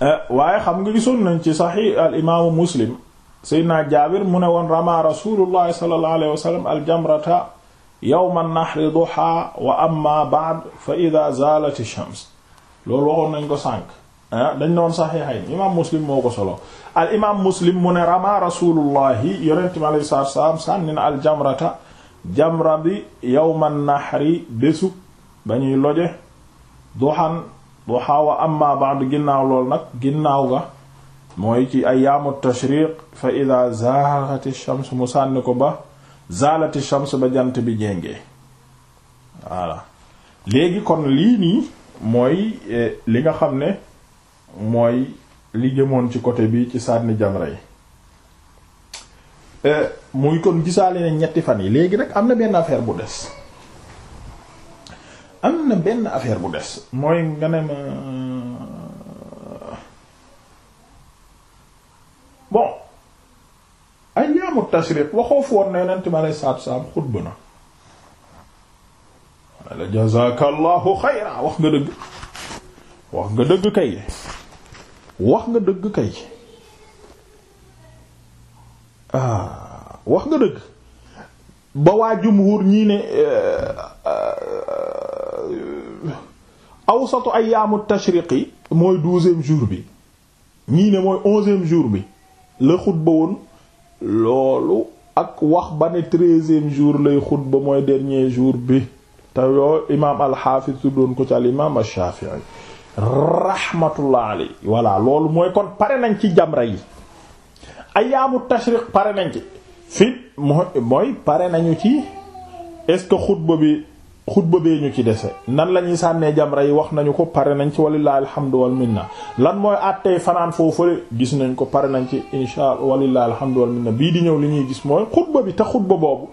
eh, waaye xam nga gisoon nañ ci saxi al imaamu muslim Seydina Jaabir mu ne woon rama rasulullahi sallallahu alayhi wa sallam aljamrata yawma nahri duha wa amma ba'd fa idha zalat ash-shams loolu waxoon nañ ko sànq ah, dañ ne woon saxiixayn imaam Muslim moo ko solo al imaam Muslim mu ne rama rasulullahi yonent mi alayhi salaatu wa salaam sànni bi yawma nahri bésu ba ñuy loje duhan duha wa amma ba'd ginnaaw lool nag ginnaaw ga mooy ci ayaamu tashriq fa ida zaaxati shams mu sànni ko ba zaalati shams ba jant bi jéngee voilà léegi kon lii nii mooy eh, li nga xam ne mooy li jëmoon ci côté bi ci sànni jamra yi eh, muy kon gisaale ne ñetti fan yi léegi nag am na benn affaire bu des am na benn affaire bu des mooy nga ne ma bon ayyaamu tashriq waxoo fi woon ne yonent mi alayhi salaatu salaam xutba na la jazaakallahu xayra wax nga dëgg wax nga dëgg kay wax nga dëgg kay ah wax nga dëgg ba waa jumhur ñii ne eh, eh, awsatu ayyaamu tashriqi mooy douzième jour bi ñii ne mooy onzième jour bi la xutba woon loolu ak wax ba ne treizième jour lay xutba mooy dernier jour bi te yoo imaam alxaafis doon ko ci al imaam alshafii rahmatullah aley voilà loolu mooy kon pare nañ ci jamra yi ayaamu tashriq pare nañ ci fi mooy pare nañu ci est-ce que xutba bi xutba bee ñu ci dese nan la ñuy sànnee jamra yi wax nañu ko pare nañ ci walillahi alhamdu wal minna lan mooy àttee fanaan foofule gis nañ ko pare nañ ci insha allah walillahi alhamdu wal bii di ñëw li ñuy gis mooy xutba bi te xutba boobu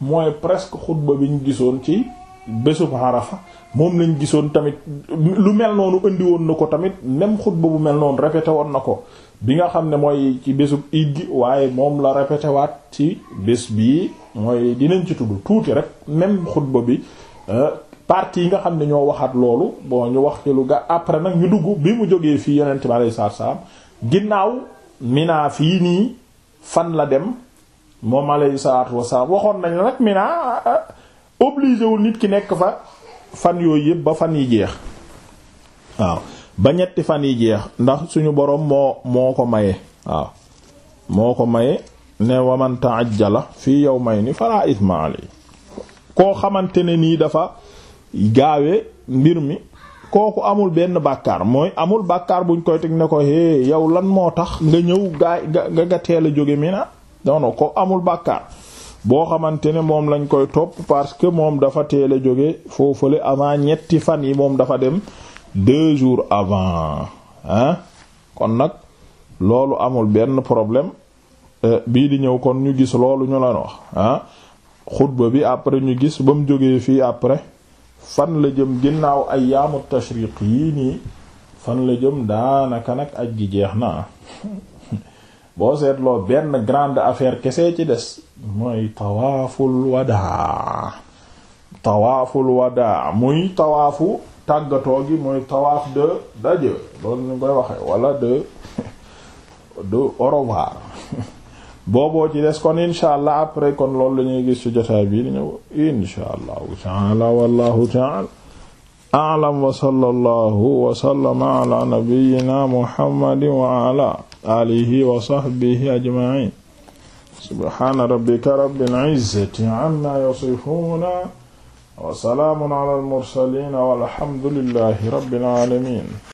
mooy presque xutba bi ñu gisoon ci bésub Arafa moom lañ gisoon tamit lu mel noonu indi woon na ko tamit même xutba bu mel noonu répété woon na ko bi nga xam ne mooy ci bésub Iid gi waaye moom la répété waat ci bés bii mooy dinañ ci tudd tuuti rek même xutba bi Euh, parti yi nga xam ne ñoo waxaat loolu bon ñu wax ci lu ga après nag ñu dugg bi mu jógee fii yonent bi alayhi salaam ginnaaw Mina fii nii fan la dem moo alayhi salaatu wasalaam waxoon nañ nag Mina euh, obligé wul nit ki nekk fa fan yooyu yëpp ba fan yi jeex waaw ba ñetti fan yi jeex ndax suñu boroom moo moo ko maye waaw moo ko maye ne waman ta'ajjala fii yawmayni fala ithma alayhi koo xamante ne nii dafa gaawe mbir mi kooku amul benn bàkkaar mooy amul bàkkaar buñ koy teg ne ko hé yow lan moo tax nga ñëw gaay nga nga teel a jóge mi na non ko amul bàkkaar boo xamante ne moom lañ koy topp parce que moom dafa teel a jóge foofale avant ñetti fan yi moom dafa dem deux jours avant ah kon nag loolu amul benn problème euh, bii di ñëw kon ñu gis loolu ñu la wax xutba bi après ñu gis ba mu jógee fii après fan la jëm ginnaaw ayyaamu tashriq yii nii fan la jëm daanaka nag aj gi jeex na boo seetloo benn grande affaire kese ci des mooy tawaaful wadaa tawaaful wadaa muy tawaafu tàggatoo gi mooy tawaaf de d'adieu loolu ñu koy waxee wala de de au booboo ci des kon insha allah après kon loolu la ñuy gis ci jotaay bii di ñëw insha allahu taala wallahu taala a'lam wa sallallahu wa sallama ala nabiyyina muhammadin wa ala alihi wa sahbihi ajma'in subhana rabbika rabbil izzati amma yasifuna wa salaamun ala al mursalin walhamdulillahi rabbil alamin